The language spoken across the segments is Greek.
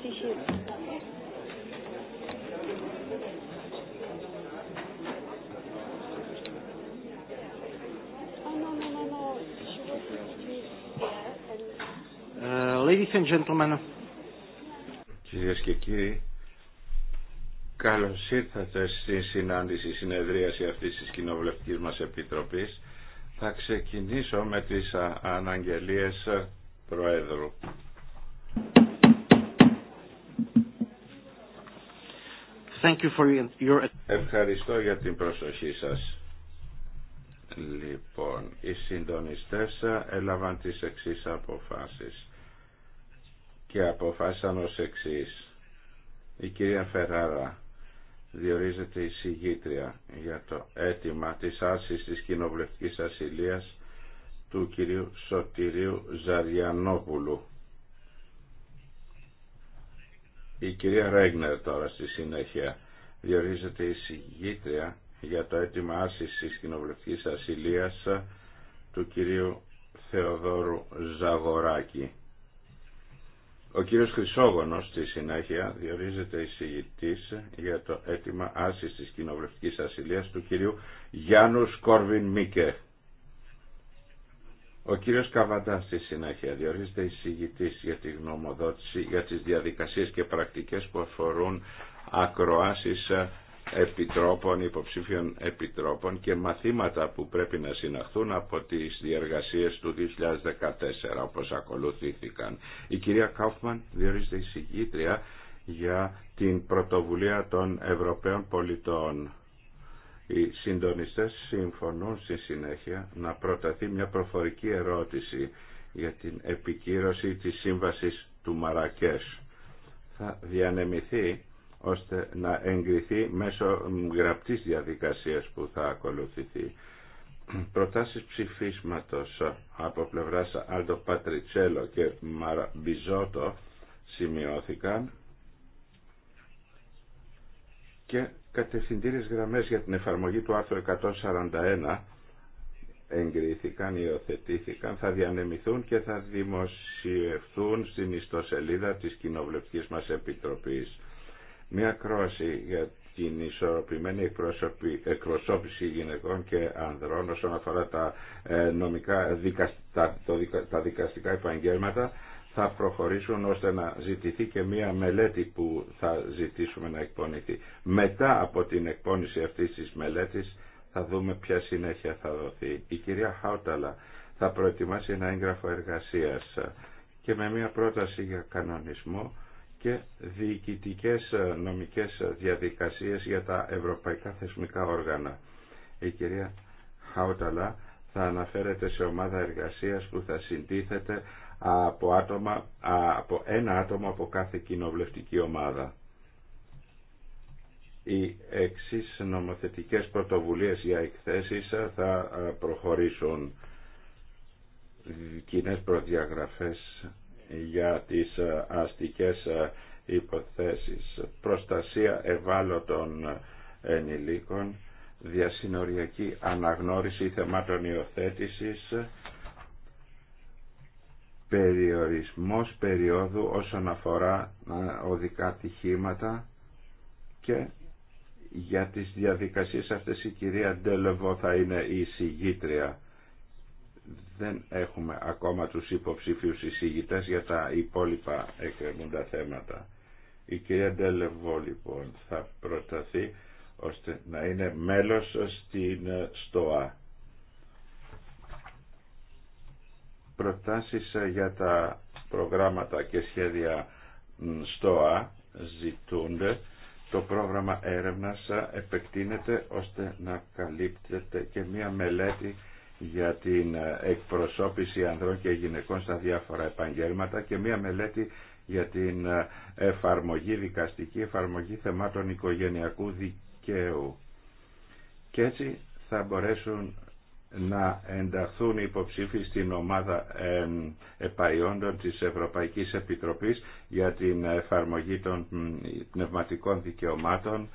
Κυρίε oh, euh, and gentlemen. και κύριοι, καλώ ήρθατε στη συνάντηση συνεδρίαση αυτή τη κοινοβουλευτική μα Επίτροπή, Θα ξεκινήσω με τι αναγγελίε Προέδρου. Thank Ευχαριστώ για την προσοχή σας. Λοιπόν, οι συντονιστές έλαβαν τις εξής αποφάσεις και αποφάσισαν ως εξής. Η κυρία Φεράρα διορίζεται η συγγήτρια για το αίτημα της άρσης της κοινοβουλευτικής ασυλίας του κυρίου Σωτηρίου Ζαριανόπουλου η κυρία Ρέγνερ τώρα στη συνέχεια διορίζεται η συγγήτρια για το αίτημα άσυσης κοινοβουλευτική ασυλία του κυρίου Θεοδόρου Ζαγοράκη. Ο κύριος Χρυσόγονος στη συνέχεια διορίζεται εισηγητής για το αίτημα άσης της κοινοβουλευτικής ασυλίας του κυρίου Γιάννου Σκόρβιν Μίκε. Ο κύριος Καβαντά στη συνέχεια διορίζεται εισηγητής για τη γνωμοδότηση για τις διαδικασίες και πρακτικές που αφορούν ακροάσεις επιτρόπων, υποψήφιων επιτρόπων και μαθήματα που πρέπει να συναχθούν από τις διεργασίες του 2014 όπως ακολουθήθηκαν. Η κυρία Κάουφμαν διορίζεται εισηγήτρια για την πρωτοβουλία των Ευρωπαίων πολιτών οι συντονιστές συμφωνούν στη συνέχεια να προταθεί μια προφορική ερώτηση για την επικύρωση της σύμβασης του Μαρακές. Θα διανεμηθεί ώστε να εγκριθεί μέσω γραπτής διαδικασίας που θα ακολουθηθεί. Προτάσεις ψηφίσματος από πλευράς Άλτο Πατριτσέλο και Μαραμπιζότο σημειώθηκαν και κατευθυντήριες γραμμές για την εφαρμογή του άρθρου 141 εγκρίθηκαν, υιοθετήθηκαν, θα διανεμηθούν και θα δημοσιευθούν στην ιστοσελίδα της κοινοβουλευτική μας Επιτροπής. Μια κρόση για την ισορροπημένη εκπροσώπηση γυναικών και ανδρών όσον αφορά τα, ε, νομικά, τα, δικαστικά επαγγέλματα θα προχωρήσουν ώστε να ζητηθεί και μία μελέτη που θα ζητήσουμε να εκπονηθεί. Μετά από την εκπόνηση αυτής της μελέτης θα δούμε ποια συνέχεια θα δοθεί. Η κυρία Χάουταλα θα προετοιμάσει ένα έγγραφο εργασίας και με μία πρόταση για κανονισμό και διοικητικές νομικές διαδικασίες για τα ευρωπαϊκά θεσμικά όργανα. Η κυρία Χάουταλα θα αναφέρεται σε ομάδα εργασίας που θα συντίθεται από, άτομα, από ένα άτομο από κάθε κοινοβουλευτική ομάδα. Οι εξή νομοθετικές πρωτοβουλίες για εκθέσεις θα προχωρήσουν κοινέ προδιαγραφές για τις αστικές υποθέσεις, προστασία ευάλωτων ενηλίκων, διασυνοριακή αναγνώριση θεμάτων υιοθέτησης, περιορισμός περίοδου όσον αφορά οδικά τυχήματα και για τις διαδικασίες αυτές η κυρία Ντέλεβο θα είναι η εισηγήτρια. Δεν έχουμε ακόμα τους υποψήφιους εισηγητές για τα υπόλοιπα εκκρεμούντα θέματα. Η κυρία Ντέλεβο λοιπόν θα προταθεί ώστε να είναι μέλος στην ε, ΣΤΟΑ. προτάσεις ε, για τα προγράμματα και σχέδια ΣΤΟΑ ζητούνται. Το πρόγραμμα έρευνας ε, επεκτείνεται ώστε να καλύπτεται και μία μελέτη για την ε, εκπροσώπηση ανδρών και γυναικών στα διάφορα επαγγέλματα και μία μελέτη για την εφαρμογή, δικαστική εφαρμογή θεμάτων οικογενειακού δικαίου. Και έτσι θα μπορέσουν να ενταχθούν υποψήφοι στην ομάδα επαϊόντων της Ευρωπαϊκής Επιτροπής για την εφαρμογή των πνευματικών δικαιωμάτων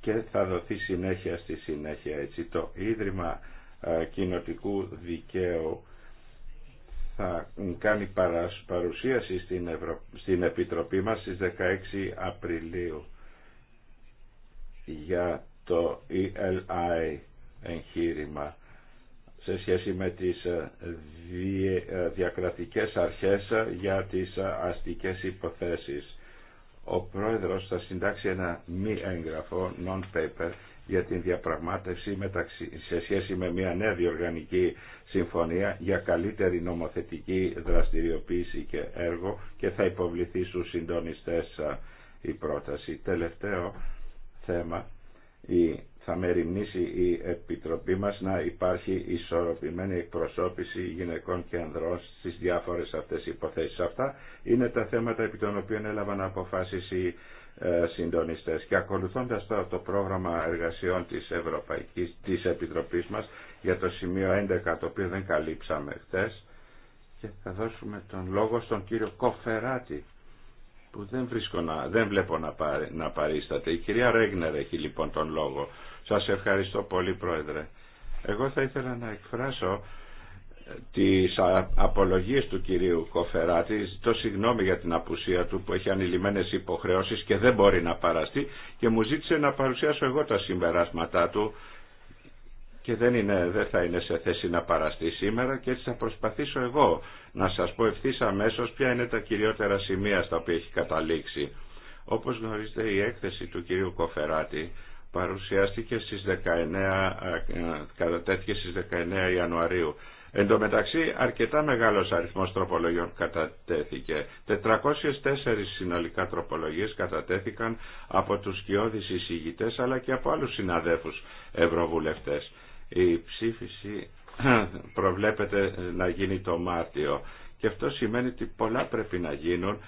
και θα δοθεί συνέχεια στη συνέχεια. Έτσι το Ίδρυμα ε, Κοινοτικού Δικαίου θα κάνει παρουσίαση στην, στην Επιτροπή μας στις 16 Απριλίου για το ELI εγχείρημα σε σχέση με τις ε, ε, διακρατικές αρχές ε, για τις αστικές υποθέσεις. Ο πρόεδρος θα συντάξει ένα μη έγγραφο, non-paper, για την διαπραγμάτευση μεταξύ, σε σχέση με μια νέα διοργανική συμφωνία για καλύτερη νομοθετική δραστηριοποίηση και έργο και θα υποβληθεί στους συντονιστές η πρόταση. Τελευταίο θέμα, η θα μεριμνήσει η Επιτροπή μας να υπάρχει ισορροπημένη εκπροσώπηση γυναικών και ανδρών στις διάφορες αυτές υποθέσεις. Αυτά είναι τα θέματα επί των οποίων έλαβαν αποφάσεις οι ε, συντονιστές. Και ακολουθώντας τώρα το πρόγραμμα εργασιών της Ευρωπαϊκής, της Επιτροπής μας για το σημείο 11 το οποίο δεν καλύψαμε χτες και θα δώσουμε τον λόγο στον κύριο Κοφεράτη που δεν, βρίσκω δεν βλέπω να, να παρίσταται. Η κυρία Ρέγνερ έχει λοιπόν τον λόγο σας ευχαριστώ πολύ Πρόεδρε. Εγώ θα ήθελα να εκφράσω ε, τις απολογίες του κυρίου Κοφεράτη το συγγνώμη για την απουσία του που έχει ανηλυμένες υποχρεώσεις και δεν μπορεί να παραστεί και μου ζήτησε να παρουσιάσω εγώ τα συμπεράσματά του και δεν, είναι, δεν θα είναι σε θέση να παραστεί σήμερα και έτσι θα προσπαθήσω εγώ να σας πω ευθύ αμέσω ποια είναι τα κυριότερα σημεία στα οποία έχει καταλήξει. Όπως γνωρίζετε η έκθεση του κυρίου Κοφεράτη παρουσιάστηκε στις 19, ε, κατατέθηκε στις 19 Ιανουαρίου. Εν τω μεταξύ αρκετά μεγάλος αριθμός τροπολογιών κατατέθηκε. 404 συνολικά τροπολογίες κατατέθηκαν από τους σκιώδεις εισηγητές αλλά και από άλλους συναδέφους ευρωβουλευτές. Η ψήφιση προβλέπεται να γίνει το Μάρτιο και αυτό σημαίνει ότι πολλά πρέπει να γίνουν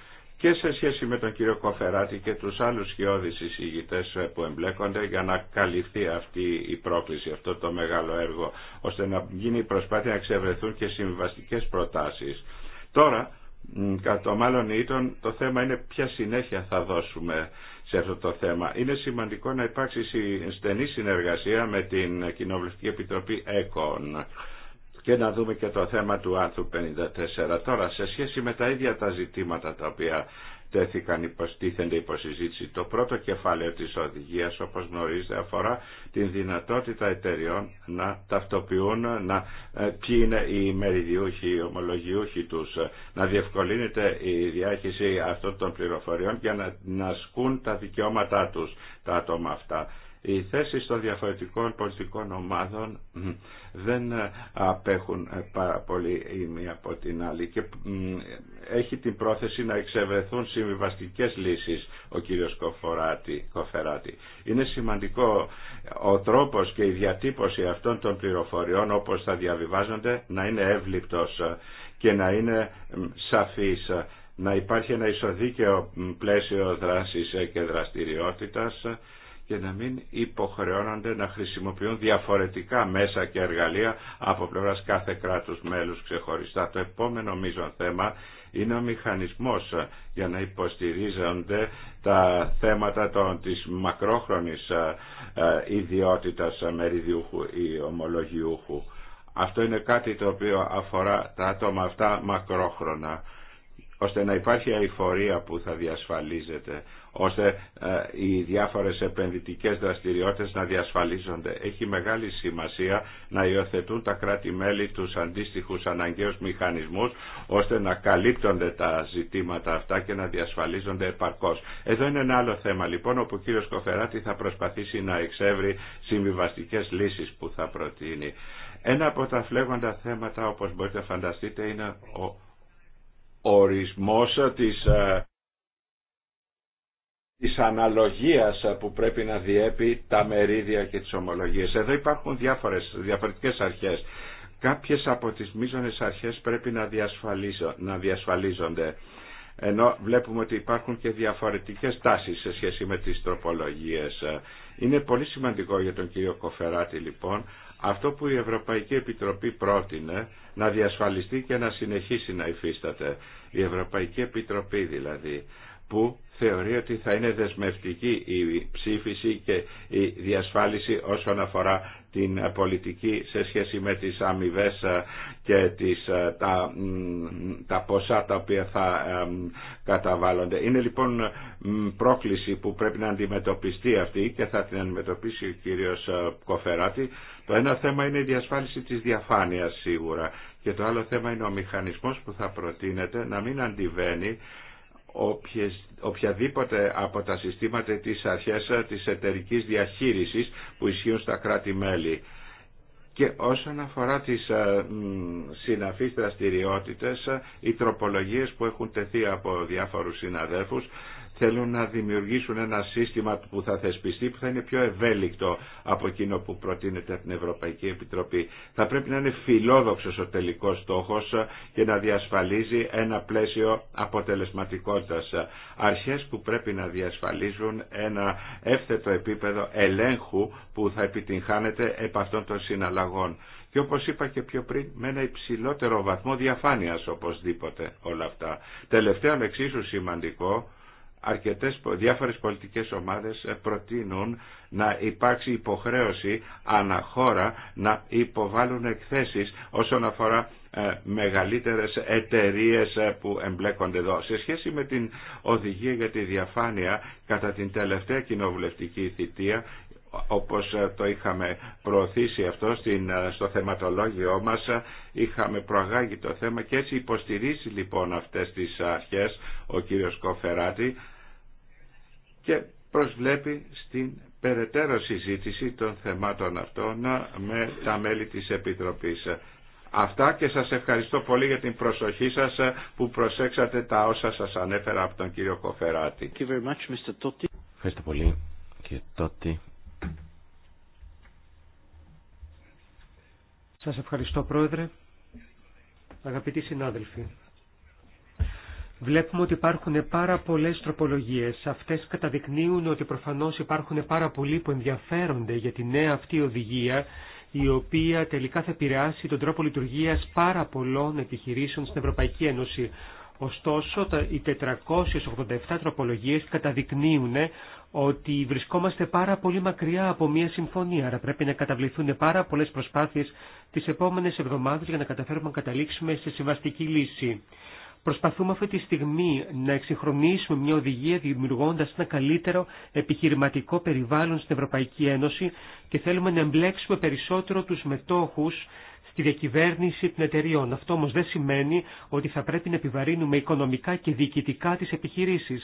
και σε σχέση με τον κύριο Κοφεράτη και τους άλλους σχεώδεις εισηγητές που εμπλέκονται για να καλυφθεί αυτή η πρόκληση, αυτό το μεγάλο έργο, ώστε να γίνει η προσπάθεια να ξεβρεθούν και συμβαστικές προτάσεις. Τώρα, κατά το μάλλον ήτον, το θέμα είναι ποια συνέχεια θα δώσουμε σε αυτό το θέμα. Είναι σημαντικό να υπάρξει στενή συνεργασία με την Κοινοβουλευτική Επιτροπή ΕΚΟΝ και να δούμε και το θέμα του άρθρου 54. Τώρα, σε σχέση με τα ίδια τα ζητήματα τα οποία τέθηκαν υποστήθενται υποσυζήτηση. Το πρώτο κεφάλαιο της οδηγίας, όπως γνωρίζετε, αφορά την δυνατότητα εταιριών να ταυτοποιούν να, ε, ποιοι είναι οι μεριδιούχοι, οι ομολογιούχοι τους, ε, να διευκολύνεται η διάχυση αυτών των πληροφοριών για να, να ασκούν τα δικαιώματά τους τα άτομα αυτά. Οι θέσει των διαφορετικών πολιτικών ομάδων δεν ε, απέχουν ε, πάρα πολύ η μία από την άλλη και έχει την πρόθεση να εξευρεθούν συμβιβαστικέ λύσεις ο κύριος Κοφεράτη. Είναι σημαντικό ε, ο τρόπος και η διατύπωση αυτών των πληροφοριών όπως θα διαβιβάζονται να είναι εύληπτος και να είναι σαφής να υπάρχει ένα ισοδίκαιο πλαίσιο δράσης και δραστηριότητας και να μην υποχρεώνονται να χρησιμοποιούν διαφορετικά μέσα και εργαλεία από πλευράς κάθε κράτους μέλους ξεχωριστά. Το επόμενο μείζον θέμα είναι ο μηχανισμός για να υποστηρίζονται τα θέματα των, της μακρόχρονης ε, ε, ιδιότητας μεριδιούχου ή ομολογιούχου. Αυτό είναι κάτι το οποίο αφορά τα άτομα αυτά μακρόχρονα ώστε να υπάρχει αηφορία που θα διασφαλίζεται, ώστε ε, οι διάφορες επενδυτικές δραστηριότητες να διασφαλίζονται. Έχει μεγάλη σημασία να υιοθετούν τα κράτη-μέλη τους αντίστοιχους αναγκαίους μηχανισμούς, ώστε να καλύπτονται τα ζητήματα αυτά και να διασφαλίζονται επαρκώς. Εδώ είναι ένα άλλο θέμα λοιπόν, όπου ο κ. Κοφεράτη θα προσπαθήσει να εξεύρει συμβιβαστικές λύσεις που θα προτείνει. Ένα από τα φλέγοντα θέματα, όπως μπορείτε να φανταστείτε, είναι ο ορισμός της, ε, της αναλογίας που πρέπει να διέπει τα μερίδια και τις ομολογίες. Εδώ υπάρχουν διάφορες, διαφορετικές αρχές. Κάποιες από τις μείζονες αρχές πρέπει να, να διασφαλίζονται. Ενώ βλέπουμε ότι υπάρχουν και διαφορετικές τάσεις σε σχέση με τις τροπολογίες. Είναι πολύ σημαντικό για τον κύριο Κοφεράτη λοιπόν αυτό που η Ευρωπαϊκή Επιτροπή πρότεινε να διασφαλιστεί και να συνεχίσει να υφίσταται. Η Ευρωπαϊκή Επιτροπή δηλαδή που θεωρεί ότι θα είναι δεσμευτική η ψήφιση και η διασφάλιση όσον αφορά την πολιτική σε σχέση με τις αμοιβέ ε, και τις, ε, τα, τα ποσά τα οποία θα ε, καταβάλλονται. Είναι λοιπόν πρόκληση που πρέπει να αντιμετωπιστεί αυτή και θα την αντιμετωπίσει ο κύριος Κοφεράτη. Το ένα θέμα είναι η διασφάλιση της διαφάνειας σίγουρα και το άλλο θέμα είναι ο μηχανισμός που θα προτείνεται να μην αντιβαίνει όποιες, οποιαδήποτε από τα συστήματα της αρχές ε, της εταιρικής διαχείρισης που ισχύουν στα κράτη-μέλη. Και όσον αφορά τις ε, συναφείς δραστηριότητες, ε, οι τροπολογίες που έχουν τεθεί από διάφορους συναδέλφους θέλουν να δημιουργήσουν ένα σύστημα που θα θεσπιστεί που θα είναι πιο ευέλικτο από εκείνο που προτείνεται από την Ευρωπαϊκή Επιτροπή. Θα πρέπει να είναι φιλόδοξος ο τελικός στόχος και να διασφαλίζει ένα πλαίσιο αποτελεσματικότητας. Αρχές που πρέπει να διασφαλίζουν ένα εύθετο επίπεδο ελέγχου που θα επιτυγχάνεται επ' αυτών των συναλλαγών. Και όπως είπα και πιο πριν, με ένα υψηλότερο βαθμό διαφάνειας οπωσδήποτε όλα αυτά. Τελευταίο εξίσου σημαντικό, αρκετές διάφορες πολιτικές ομάδες ε, προτείνουν να υπάρξει υποχρέωση αναχώρα να υποβάλουν εκθέσεις όσον αφορά ε, μεγαλύτερες εταιρείες ε, που εμπλέκονται εδώ. Σε σχέση με την οδηγία για τη διαφάνεια κατά την τελευταία κοινοβουλευτική θητεία όπως ε, το είχαμε προωθήσει αυτό ε, στο θεματολόγιο μας ε, είχαμε προαγάγει το θέμα και έτσι υποστηρίζει λοιπόν αυτές τις αρχές ο κύριος Κοφεράτη και προσβλέπει στην περαιτέρω συζήτηση των θεμάτων αυτών με τα μέλη της Επιτροπής. Αυτά και σας ευχαριστώ πολύ για την προσοχή σας που προσέξατε τα όσα σας ανέφερα από τον κύριο Κοφεράτη. Ευχαριστώ πολύ και τότε Σας ευχαριστώ Πρόεδρε. Αγαπητοί συνάδελφοι, βλέπουμε ότι υπάρχουν πάρα πολλές τροπολογίες. Αυτές καταδεικνύουν ότι προφανώς υπάρχουν πάρα πολλοί που ενδιαφέρονται για τη νέα αυτή οδηγία, η οποία τελικά θα επηρεάσει τον τρόπο λειτουργίας πάρα πολλών επιχειρήσεων στην Ευρωπαϊκή Ένωση. Ωστόσο, οι 487 τροπολογίες καταδεικνύουν ε, ότι βρισκόμαστε πάρα πολύ μακριά από μια συμφωνία, άρα πρέπει να καταβληθούν πάρα πολλές προσπάθειες τις επόμενες εβδομάδες για να καταφέρουμε να καταλήξουμε σε συμβαστική λύση. Προσπαθούμε αυτή τη στιγμή να εξυγχρονίσουμε μια οδηγία δημιουργώντας ένα καλύτερο επιχειρηματικό περιβάλλον στην Ευρωπαϊκή Ένωση και θέλουμε να εμπλέξουμε περισσότερο τους μετόχους τη διακυβέρνηση των εταιριών. Αυτό όμω δεν σημαίνει ότι θα πρέπει να επιβαρύνουμε οικονομικά και διοικητικά τι επιχειρήσει.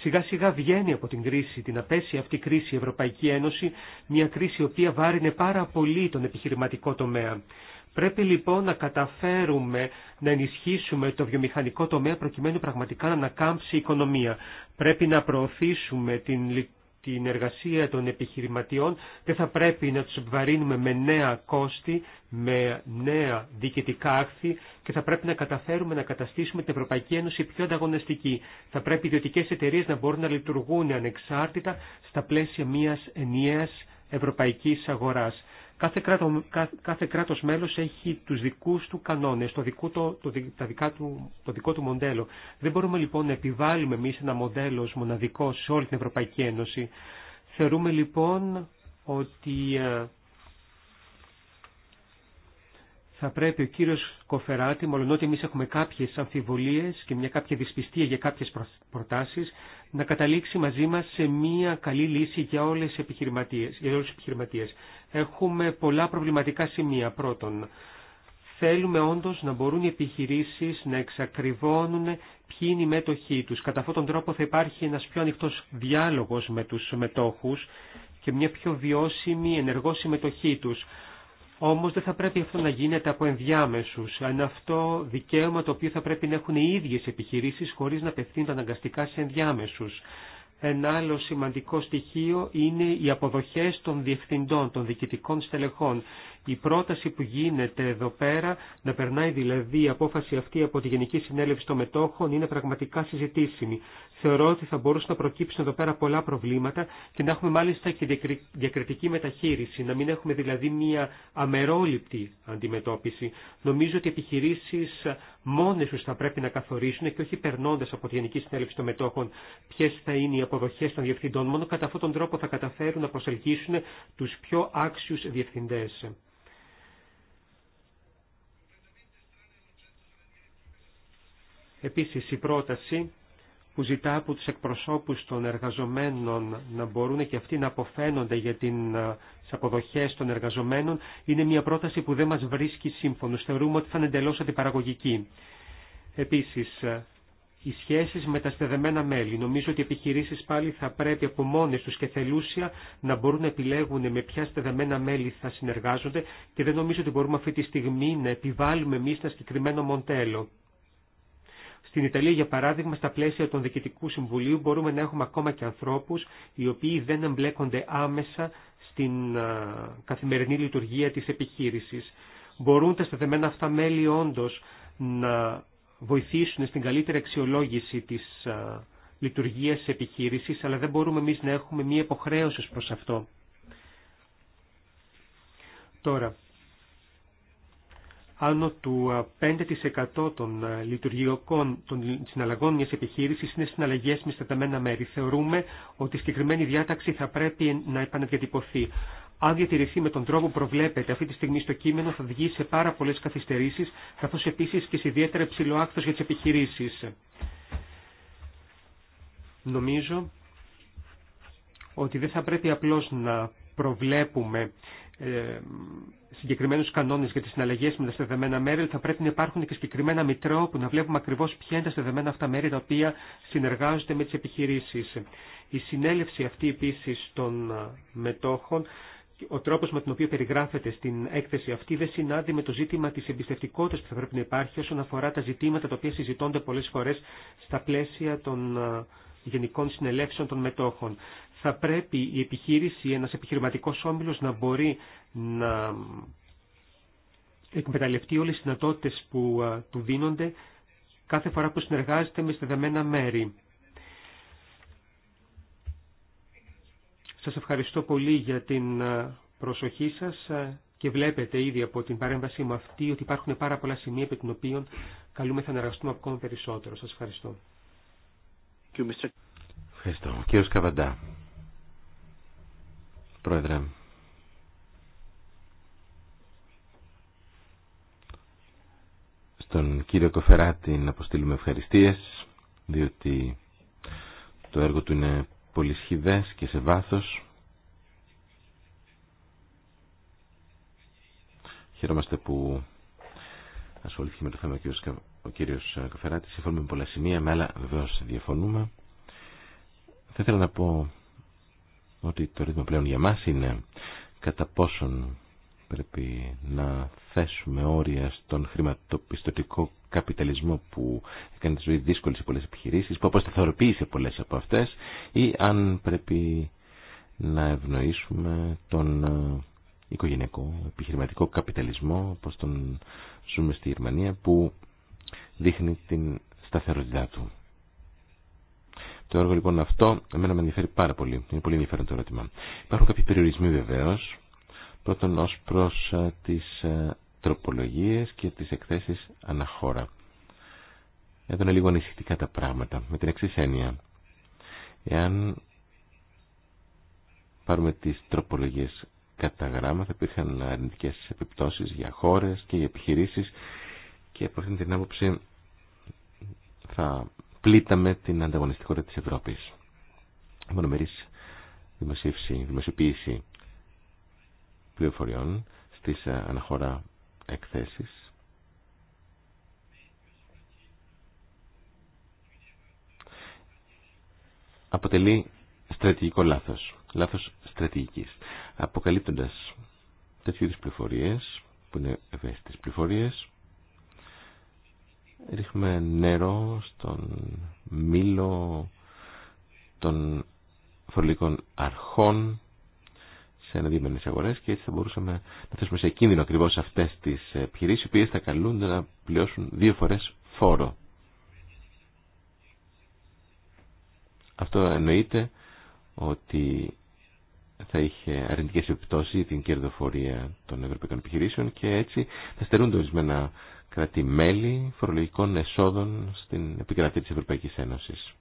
Σιγά σιγά βγαίνει από την κρίση, την απέσια αυτή κρίση η Ευρωπαϊκή Ένωση, μια κρίση η οποία βάρινε πάρα πολύ τον επιχειρηματικό τομέα. Πρέπει λοιπόν να καταφέρουμε να ενισχύσουμε το βιομηχανικό τομέα προκειμένου πραγματικά να ανακάμψει η οικονομία. Πρέπει να προωθήσουμε την την εργασία των επιχειρηματιών, δεν θα πρέπει να τους βαρύνουμε με νέα κόστη, με νέα διοικητικά άκθη και θα πρέπει να καταφέρουμε να καταστήσουμε την Ευρωπαϊκή Ένωση πιο ανταγωνιστική. Θα πρέπει οι ιδιωτικές εταιρείες να μπορούν να λειτουργούν ανεξάρτητα στα πλαίσια μιας ενιαίας ευρωπαϊκής αγοράς. Κάθε, κράτο, κάθε κράτος μέλος έχει τους δικούς του κανόνες, το δικό, το, το, τα δικά του, το δικό του μοντέλο. Δεν μπορούμε λοιπόν να επιβάλλουμε εμείς ένα μοντέλο μοναδικό σε όλη την Ευρωπαϊκή Ένωση. Θεωρούμε λοιπόν ότι ε, θα πρέπει ο κύριος Κοφεράτη, μόλον ότι εμείς έχουμε κάποιες αμφιβολίες και μια κάποια δυσπιστία για κάποιες προτάσεις, να καταλήξει μαζί μας σε μία καλή λύση για όλες τις επιχειρηματίες. Για Έχουμε πολλά προβληματικά σημεία. Πρώτον, θέλουμε όντως να μπορούν οι επιχειρήσεις να εξακριβώνουν ποιοι είναι οι μέτοχοί τους. Κατά αυτόν τον τρόπο θα υπάρχει ένας πιο ανοιχτός διάλογος με τους μετόχους και μια πιο βιώσιμη ενεργό συμμετοχή τους. Όμως δεν θα πρέπει αυτό να γίνεται από ενδιάμεσους, αν αυτό δικαίωμα το οποίο θα πρέπει να έχουν οι ίδιες επιχειρήσεις χωρίς να απευθύνουν αναγκαστικά σε ενδιάμεσους. Ένα άλλο σημαντικό στοιχείο είναι οι αποδοχές των διευθυντών, των διοικητικών στελεχών η πρόταση που γίνεται εδώ πέρα, να περνάει δηλαδή η απόφαση αυτή από τη Γενική Συνέλευση των Μετόχων, είναι πραγματικά συζητήσιμη. Θεωρώ ότι θα μπορούσαν να προκύψουν εδώ πέρα πολλά προβλήματα και να έχουμε μάλιστα και διακριτική μεταχείριση, να μην έχουμε δηλαδή μία αμερόληπτη αντιμετώπιση. Νομίζω ότι οι επιχειρήσει μόνε του θα πρέπει να καθορίσουν και όχι περνώντα από τη Γενική Συνέλευση των Μετόχων ποιε θα είναι οι αποδοχέ των διευθυντών. Μόνο κατά αυτόν τον τρόπο θα καταφέρουν να προσελκύσουν του πιο άξιου διευθυντέ. Επίσης η πρόταση που ζητά από τους εκπροσώπους των εργαζομένων να μπορούν και αυτοί να αποφαίνονται για την, ε, τις αποδοχές των εργαζομένων είναι μια πρόταση που δεν μας βρίσκει σύμφωνο. Θεωρούμε ότι θα είναι εντελώς αντιπαραγωγική. Επίσης, ε, οι σχέσεις με τα στεδεμένα μέλη. Νομίζω ότι οι επιχειρήσεις πάλι θα πρέπει από μόνες τους και θελούσια να μπορούν να επιλέγουν με ποια στεδεμένα μέλη θα συνεργάζονται και δεν νομίζω ότι μπορούμε αυτή τη στιγμή να επιβάλλουμε εμεί ένα συγκεκριμένο μοντέλο. Στην Ιταλία, για παράδειγμα, στα πλαίσια των Διοικητικού Συμβουλίου μπορούμε να έχουμε ακόμα και ανθρώπους οι οποίοι δεν εμπλέκονται άμεσα στην καθημερινή λειτουργία της επιχείρησης. Μπορούν τα στεδεμένα αυτά μέλη όντως να βοηθήσουν στην καλύτερη αξιολόγηση της λειτουργίας της επιχείρησης, αλλά δεν μπορούμε εμείς να έχουμε μία υποχρέωση προς αυτό. Τώρα, άνω του 5% ε, των ε, λειτουργικών των συναλλαγών μιας επιχείρησης είναι συναλλαγές με σταταμένα μέρη. Θεωρούμε ότι η συγκεκριμένη διάταξη θα πρέπει να επαναδιατυπωθεί. Αν διατηρηθεί με τον τρόπο που προβλέπεται αυτή τη στιγμή στο κείμενο, θα βγει σε πάρα πολλές καθυστερήσεις... καθώ επίση και σε ιδιαίτερα ψηλό για τις επιχειρήσεις. Νομίζω ότι δεν θα πρέπει απλώς να προβλέπουμε ε, συγκεκριμένου κανόνε για τι συναλλαγέ με τα στεδεμένα μέρη, θα πρέπει να υπάρχουν και συγκεκριμένα μητρό που να βλέπουμε ακριβώ ποια είναι τα στεδεμένα αυτά μέρη τα οποία συνεργάζονται με τι επιχειρήσει. Η συνέλευση αυτή επίση των ε, μετόχων, ο τρόπο με τον οποίο περιγράφεται στην έκθεση αυτή δεν συνάδει με το ζήτημα τη εμπιστευτικότητα που θα πρέπει να υπάρχει όσον αφορά τα ζητήματα τα οποία συζητώνται πολλέ φορέ στα πλαίσια των ε, γενικών συνελεύσεων των μετόχων θα πρέπει η επιχείρηση, ένας επιχειρηματικός όμιλος να μπορεί να εκμεταλλευτεί όλες τις δυνατότητε που του δίνονται κάθε φορά που συνεργάζεται με στεδεμένα μέρη. Σας ευχαριστώ πολύ για την προσοχή σας και βλέπετε ήδη από την παρέμβασή μου αυτή ότι υπάρχουν πάρα πολλά σημεία επί των οποίων καλούμε θα εργαστούμε ακόμα περισσότερο. Σας ευχαριστώ. Ευχαριστώ. Κύριος Καβαντά. Πρόεδρε. Στον κύριο Κοφεράτη να αποστείλουμε ευχαριστίες, διότι το έργο του είναι πολύ σχηδές και σε βάθος. Χαιρόμαστε που ασχολήθηκε με το θέμα ο κύριος Κοφεράτη. Συμφωνούμε με πολλά σημεία, με άλλα βεβαίως διαφωνούμε. Θα ήθελα να πω ότι το ρύθμα πλέον για μας είναι κατά πόσον πρέπει να θέσουμε όρια στον χρηματοπιστωτικό καπιταλισμό που έκανε τη ζωή δύσκολη σε πολλές επιχειρήσεις, που αποσταθεροποίησε πολλές από αυτές ή αν πρέπει να ευνοήσουμε τον ε, οικογενειακό επιχειρηματικό καπιταλισμό όπως τον ζούμε στη Γερμανία που δείχνει την σταθερότητά του. Το έργο λοιπόν αυτό εμένα με ενδιαφέρει πάρα πολύ. Είναι πολύ ενδιαφέρον το ερώτημα. Υπάρχουν κάποιοι περιορισμοί βεβαίω. Πρώτον ω προ ε, τι ε, τροπολογίε και τι εκθέσει αναχώρα. Εδώ είναι λίγο ανησυχητικά τα πράγματα. Με την εξή έννοια. Εάν πάρουμε τι τροπολογίες κατά γράμμα θα υπήρχαν αρνητικέ επιπτώσει για χώρε και για επιχειρήσει και από αυτήν την άποψη θα πλήταμε την ανταγωνιστικότητα της Ευρώπης. Η μονομερής δημοσιοποίηση πληροφοριών στις ε, αναχώρα εκθέσεις αποτελεί στρατηγικό λάθος, λάθος στρατηγικής. Αποκαλύπτοντας τέτοιου είδους πληροφορίες, που είναι ευαίσθητες πληροφορίες, ρίχνουμε νερό στον μήλο των φορολογικών αρχών σε αναδείμενε αγορέ και έτσι θα μπορούσαμε να θέσουμε σε κίνδυνο ακριβώ αυτέ τι επιχειρήσει, οι οποίε θα καλούνται να πληρώσουν δύο φορέ φόρο. Αυτό εννοείται ότι θα είχε αρνητικέ επιπτώσει την κερδοφορία των ευρωπαϊκών επιχειρήσεων και έτσι θα στερούνται ορισμένα κρατημέλη μελη φορολογικών εσόδων στην επικρατή της Ευρωπαϊκής Ένωσης.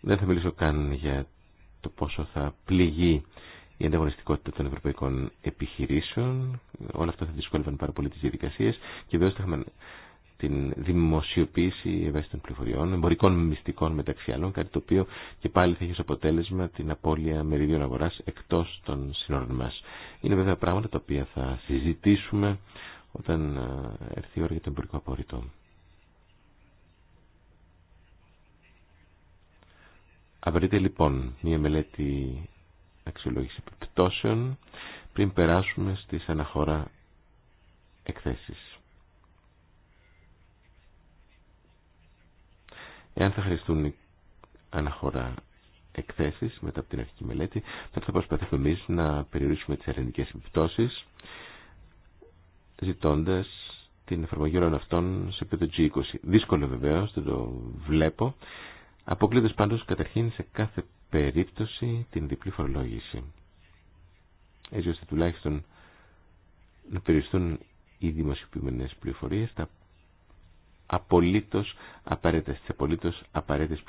Δεν θα μιλήσω καν για το πόσο θα πληγεί η ανταγωνιστικότητα των ευρωπαϊκών επιχειρήσεων. Όλα αυτά θα δυσκόλευαν πάρα πολύ τις διαδικασίες και βέβαια θα είχαμε την δημοσιοποίηση ευαίσθητων πληροφοριών, εμπορικών μυστικών μεταξύ άλλων, κάτι το οποίο και πάλι θα έχει ως αποτέλεσμα την απώλεια μεριδίων αγοράς εκτός των συνόρων μας. Είναι βέβαια πράγματα τα οποία θα συζητήσουμε όταν ε, έρθει η ώρα για το εμπορικό απόρριτο. λοιπόν μία μελέτη αξιολόγηση επιπτώσεων πριν περάσουμε στις αναχώρα εκθέσεις. Εάν θα χρειαστούν αναχώρα εκθέσεις μετά από την αρχική μελέτη, τότε θα προσπαθήσουμε εμεί να περιορίσουμε τις αρνητικές επιπτώσεις, ζητώντας την εφαρμογή όλων αυτών σε επίπεδο G20. Δύσκολο βεβαίω, δεν το βλέπω. Απόκλειδες πάντως καταρχήν σε κάθε περίπτωση την διπλή φορολόγηση. Έτσι ώστε τουλάχιστον να περιοριστούν οι δημοσιοποιημένες πληροφορίες, τα απολύτως απαραίτητες, τις απολύτως απαραίτητες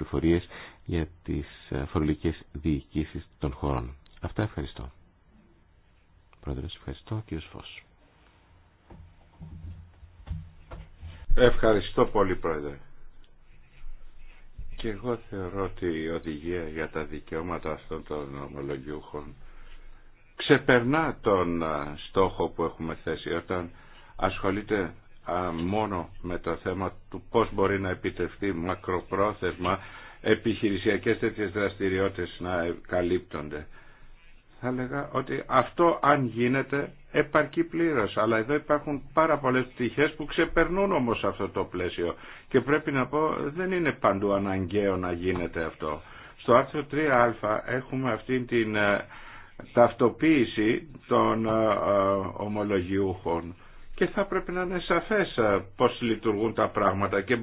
για τις ε, φορολογικές διοικήσεις των χωρών. Αυτά ευχαριστώ. Πρόεδρος, ευχαριστώ. Κύριος Φως. Ευχαριστώ πολύ, Πρόεδρε. Και εγώ θεωρώ ότι η οδηγία για τα δικαιώματα αυτών των ομολογιούχων ξεπερνά τον ε, στόχο που έχουμε θέσει όταν ασχολείται μόνο με το θέμα του πώς μπορεί να επιτευχθεί μακροπρόθεσμα επιχειρησιακές τέτοιες δραστηριότητες να καλύπτονται. Θα λέγα ότι αυτό αν γίνεται επαρκεί πλήρως, αλλά εδώ υπάρχουν πάρα πολλές πτυχέ που ξεπερνούν όμως αυτό το πλαίσιο και πρέπει να πω δεν είναι παντού αναγκαίο να γίνεται αυτό. Στο άρθρο 3α έχουμε αυτήν την ε, ταυτοποίηση των ε, ε, ομολογιούχων και θα πρέπει να είναι σαφές ε, πώς λειτουργούν τα πράγματα και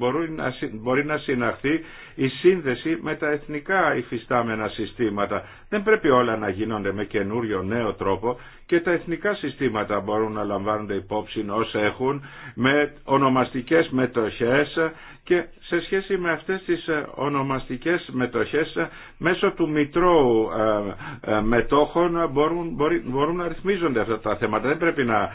μπορεί να, συναχθεί η σύνδεση με τα εθνικά υφιστάμενα συστήματα. Δεν πρέπει όλα να γίνονται με καινούριο νέο τρόπο και τα εθνικά συστήματα μπορούν να λαμβάνονται υπόψη όσα έχουν με ονομαστικές μετοχές και σε σχέση με αυτές τις ε, ονομαστικές μετοχές ε, μέσω του μητρώου ε, μετόχων μπορούν, να ρυθμίζονται αυτά τα θέματα. Δεν πρέπει να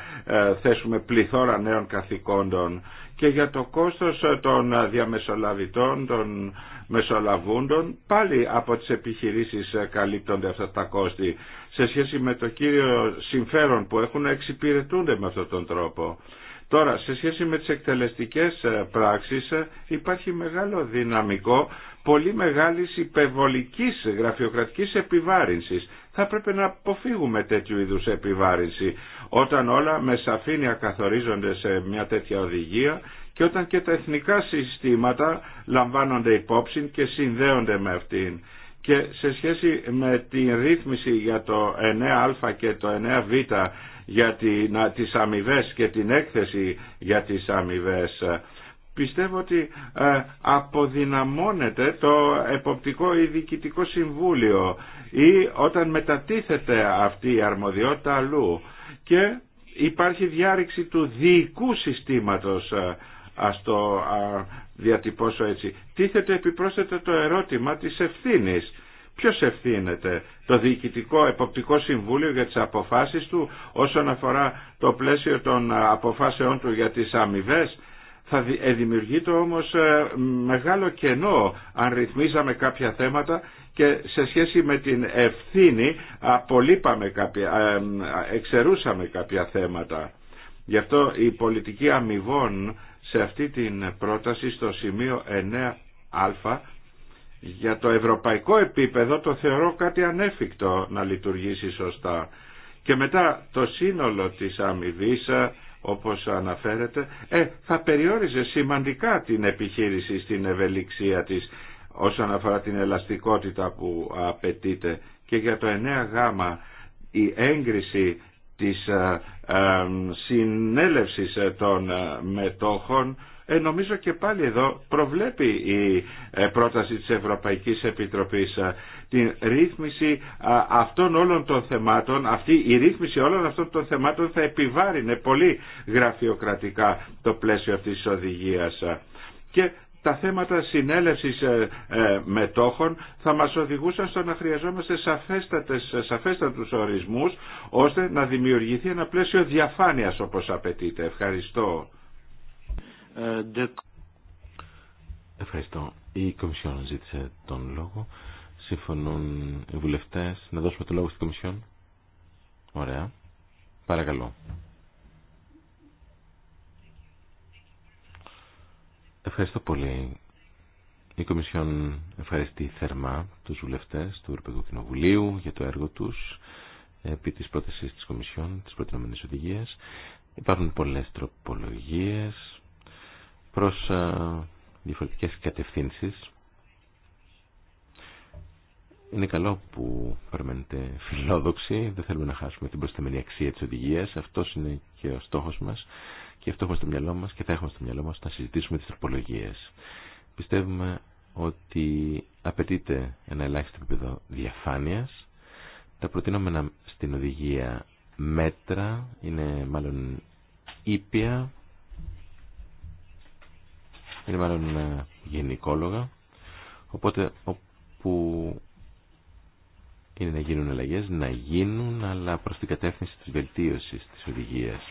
θέσουμε πληθώρα νέων καθηκόντων. Και για το κόστος των διαμεσολαβητών, των μεσολαβούντων, πάλι από τις επιχειρήσεις καλύπτονται αυτά τα κόστη σε σχέση με το κύριο συμφέρον που έχουν να εξυπηρετούνται με αυτόν τον τρόπο. Τώρα, σε σχέση με τις εκτελεστικές ε, πράξεις ε, υπάρχει μεγάλο δυναμικό πολύ μεγάλη υπερβολική γραφειοκρατικής επιβάρυνσης. Θα πρέπει να αποφύγουμε τέτοιου είδους επιβάρυνση όταν όλα με σαφήνεια καθορίζονται σε μια τέτοια οδηγία και όταν και τα εθνικά συστήματα λαμβάνονται υπόψη και συνδέονται με αυτήν. Και σε σχέση με την ρύθμιση για το 9α και το 9β για τις αμοιβέ και την έκθεση για τις αμοιβέ. Πιστεύω ότι ε, αποδυναμώνεται το εποπτικό ή διοικητικό συμβούλιο ή όταν μετατίθεται αυτή η αρμοδιότητα αλλού και υπάρχει διάρρηξη του διοικού συστήματος ε, ας το διατυπώσω έτσι. Τίθεται επιπρόσθετα το ερώτημα της ευθύνης Ποιος ευθύνεται, το Διοικητικό Εποπτικό Συμβούλιο για τις αποφάσεις του όσον αφορά το πλαίσιο των αποφάσεών του για τις αμοιβέ. Θα ε, δημιουργείται όμως ε, μεγάλο κενό αν ρυθμίζαμε κάποια θέματα και σε σχέση με την ευθύνη απολύπαμε κάποια, ε, εξαιρούσαμε κάποια θέματα. Γι' αυτό η πολιτική αμοιβών σε αυτή την πρόταση στο σημείο 9α για το ευρωπαϊκό επίπεδο το θεωρώ κάτι ανέφικτο να λειτουργήσει σωστά. Και μετά το σύνολο της αμοιβή, ε, όπως αναφέρεται, ε, θα περιόριζε σημαντικά την επιχείρηση στην ευελιξία της όσον αφορά την ελαστικότητα που απαιτείται. Και για το 9Γ η έγκριση της ε, ε, συνέλευσης των μετόχων ε, νομίζω και πάλι εδώ προβλέπει η ε, πρόταση της Ευρωπαϊκής Επιτροπής ε, την ρύθμιση ε, αυτών όλων των θεμάτων, αυτή η ρύθμιση όλων αυτών των θεμάτων θα επιβάρυνε πολύ γραφειοκρατικά το πλαίσιο αυτής της οδηγίας. Και τα θέματα συνέλευσης μετόχων θα μας οδηγούσαν στο να χρειαζόμαστε σαφέστατες, σαφέστατους ορισμούς ώστε να δημιουργηθεί ένα πλαίσιο διαφάνειας όπως απαιτείται. Ευχαριστώ. Ευχαριστώ. Η Κομισιόν ζήτησε τον λόγο. Συμφωνούν οι βουλευτέ. Να δώσουμε τον λόγο στην Κομισιόν. Ωραία. Παρακαλώ. Ευχαριστώ πολύ. Η Κομισιόν ευχαριστεί θερμά τους βουλευτές του Ευρωπαϊκού Κοινοβουλίου για το έργο τους επί της πρότασης της Κομισιόν, της προτινόμενης οδηγίας. Υπάρχουν πολλές τροπολογίες προς ε, διαφορετικές κατευθύνσεις. Είναι καλό που παραμένετε φιλόδοξοι, δεν θέλουμε να χάσουμε την προσθεμένη αξία της οδηγίας, αυτός είναι και ο στόχος μας και αυτό έχουμε στο μυαλό μας και θα έχουμε στο μυαλό μας να συζητήσουμε τις τροπολογίες. Πιστεύουμε ότι απαιτείται ένα ελάχιστο επίπεδο διαφάνειας. Τα προτείνομενα στην οδηγία μέτρα είναι μάλλον ήπια είναι μάλλον ε, γενικόλογα. Οπότε όπου είναι να γίνουν αλλαγές, να γίνουν, αλλά προς την κατεύθυνση της βελτίωσης της οδηγίας.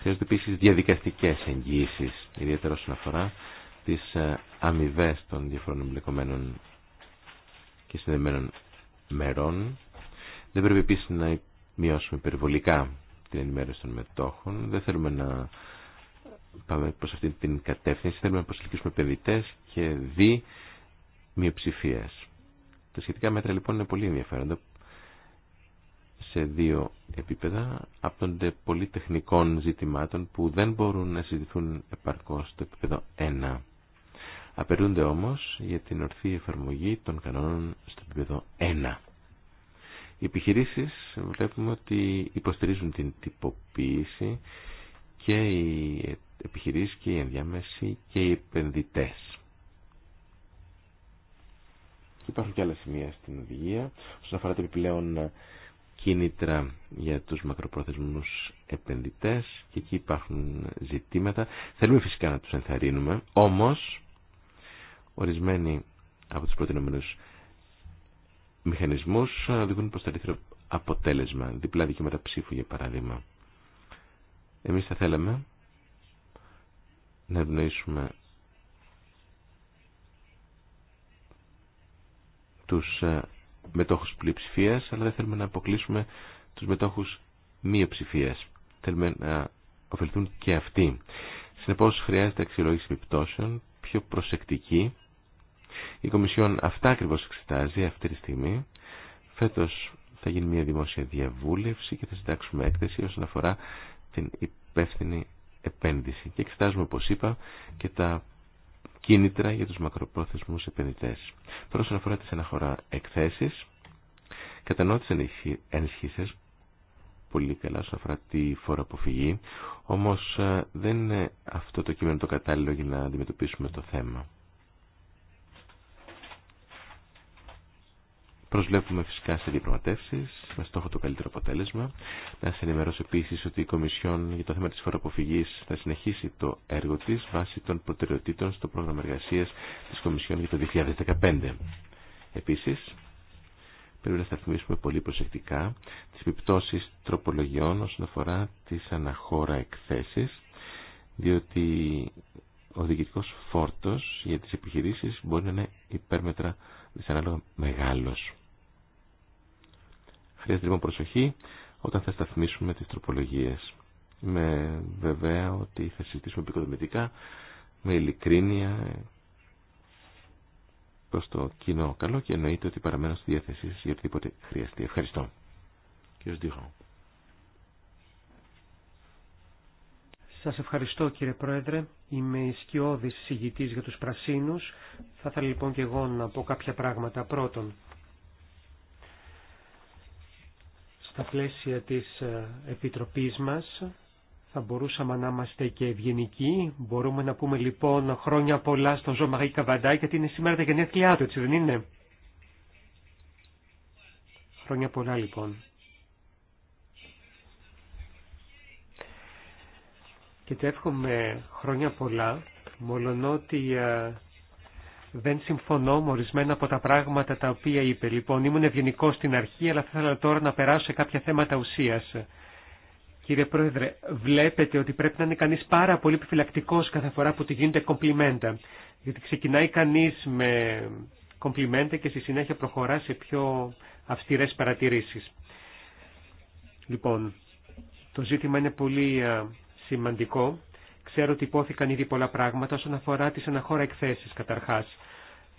Χρειάζονται επίση διαδικαστικές εγγύησεις, ιδιαίτερα όσον αφορά τις ε, αμοιβέ των διαφορών εμπλεκομένων και συνδεμένων μερών. Δεν πρέπει επίση να μειώσουμε περιβολικά την ενημέρωση των μετόχων. Δεν θέλουμε να πάμε προς αυτή την κατεύθυνση. Θέλουμε να προσελκύσουμε παιδιτές και δι μειοψηφία. Τα σχετικά μέτρα λοιπόν είναι πολύ ενδιαφέροντα σε δύο επίπεδα απτώνται πολύ τεχνικών ζητημάτων που δεν μπορούν να συζητηθούν επαρκώς στο επίπεδο 1. Απερούνται όμως για την ορθή εφαρμογή των κανόνων στο επίπεδο 1. Οι επιχειρήσεις βλέπουμε ότι υποστηρίζουν την τυποποίηση και οι επιχειρήσεις και οι ενδιάμεσοι και οι επενδυτές. Και υπάρχουν και άλλα σημεία στην οδηγία. Όσον αφορά τα επιπλέον κίνητρα για τους μακροπρόθεσμους επενδυτές και εκεί υπάρχουν ζητήματα. Θέλουμε φυσικά να τους ενθαρρύνουμε, όμως ορισμένοι από τους προτινόμενους μηχανισμούς οδηγούν προς τα αποτέλεσμα, διπλά δικαιώματα ψήφου για παράδειγμα. Εμείς θα θέλαμε να ευνοήσουμε τους ε, μετόχους πλειοψηφίας, αλλά δεν θέλουμε να αποκλείσουμε τους μετόχους μειοψηφίας. Θέλουμε να ωφελθούν και αυτοί. Συνεπώς χρειάζεται αξιολόγηση επιπτώσεων, πιο προσεκτική. Η Κομισιόν αυτά ακριβώς εξετάζει αυτή τη στιγμή. Φέτος θα γίνει μια δημόσια διαβούλευση και θα συντάξουμε έκθεση όσον αφορά την υπεύθυνη επένδυση. Και εξετάζουμε, όπω είπα, και τα κίνητρα για τους μακροπρόθεσμους επενδυτές. Τώρα, όσον αφορά τις αναχωρά εκθέσεις, κατανοώ τις ενισχύσεις πολύ καλά όσον αφορά τη φορά αποφυγή, όμως ε, δεν είναι αυτό το κείμενο το κατάλληλο για να αντιμετωπίσουμε το θέμα. Προσβλέπουμε φυσικά σε διαπραγματεύσει με στόχο το καλύτερο αποτέλεσμα. Να σα ενημερώσω επίση ότι η Κομισιόν για το θέμα τη φοροαποφυγή θα συνεχίσει το έργο τη βάσει των προτεραιοτήτων στο πρόγραμμα εργασία τη Κομισιόν για το 2015. Επίση, πρέπει να σταθμίσουμε πολύ προσεκτικά τι επιπτώσει τροπολογιών όσον αφορά τι αναχώρα εκθέσει, διότι ο διοικητικό φόρτο για τι επιχειρήσει μπορεί να είναι υπέρμετρα δυσανάλογα μεγάλος. Χρειάζεται λοιπόν προσοχή όταν θα σταθμίσουμε τις τροπολογίες. Είμαι βεβαία ότι θα συζητήσουμε επικοδομητικά, με ειλικρίνεια, προς το κοινό καλό και εννοείται ότι παραμένω στη διάθεσή σας για οτιδήποτε χρειαστεί. Ευχαριστώ. Κύριος Σας ευχαριστώ κύριε Πρόεδρε. Είμαι ισχυώδης συγητής για τους πρασίνους. Θα ήθελα λοιπόν και εγώ να πω κάποια πράγματα. Πρώτον, στα πλαίσια της ε, Επιτροπής μας. Θα μπορούσαμε να είμαστε και ευγενικοί. Μπορούμε να πούμε λοιπόν χρόνια πολλά στον Ζω Μαρή Καβαντά γιατί είναι σήμερα τα γενέθλιά του, έτσι δεν είναι. Χρόνια πολλά λοιπόν. Και το χρόνια πολλά, μόλον ότι ε, δεν συμφωνώ με ορισμένα από τα πράγματα τα οποία είπε. Λοιπόν, ήμουν ευγενικό στην αρχή, αλλά θα ήθελα τώρα να περάσω σε κάποια θέματα ουσία. Κύριε Πρόεδρε, βλέπετε ότι πρέπει να είναι κανεί πάρα πολύ επιφυλακτικό κάθε φορά που του γίνεται κομπλιμέντα. Γιατί ξεκινάει κανεί με κομπλιμέντα και στη συνέχεια προχωρά σε πιο αυστηρέ παρατηρήσει. Λοιπόν, το ζήτημα είναι πολύ σημαντικό Ξέρω ότι υπόθηκαν ήδη πολλά πράγματα όσον αφορά τι αναχώρα εκθέσει καταρχά.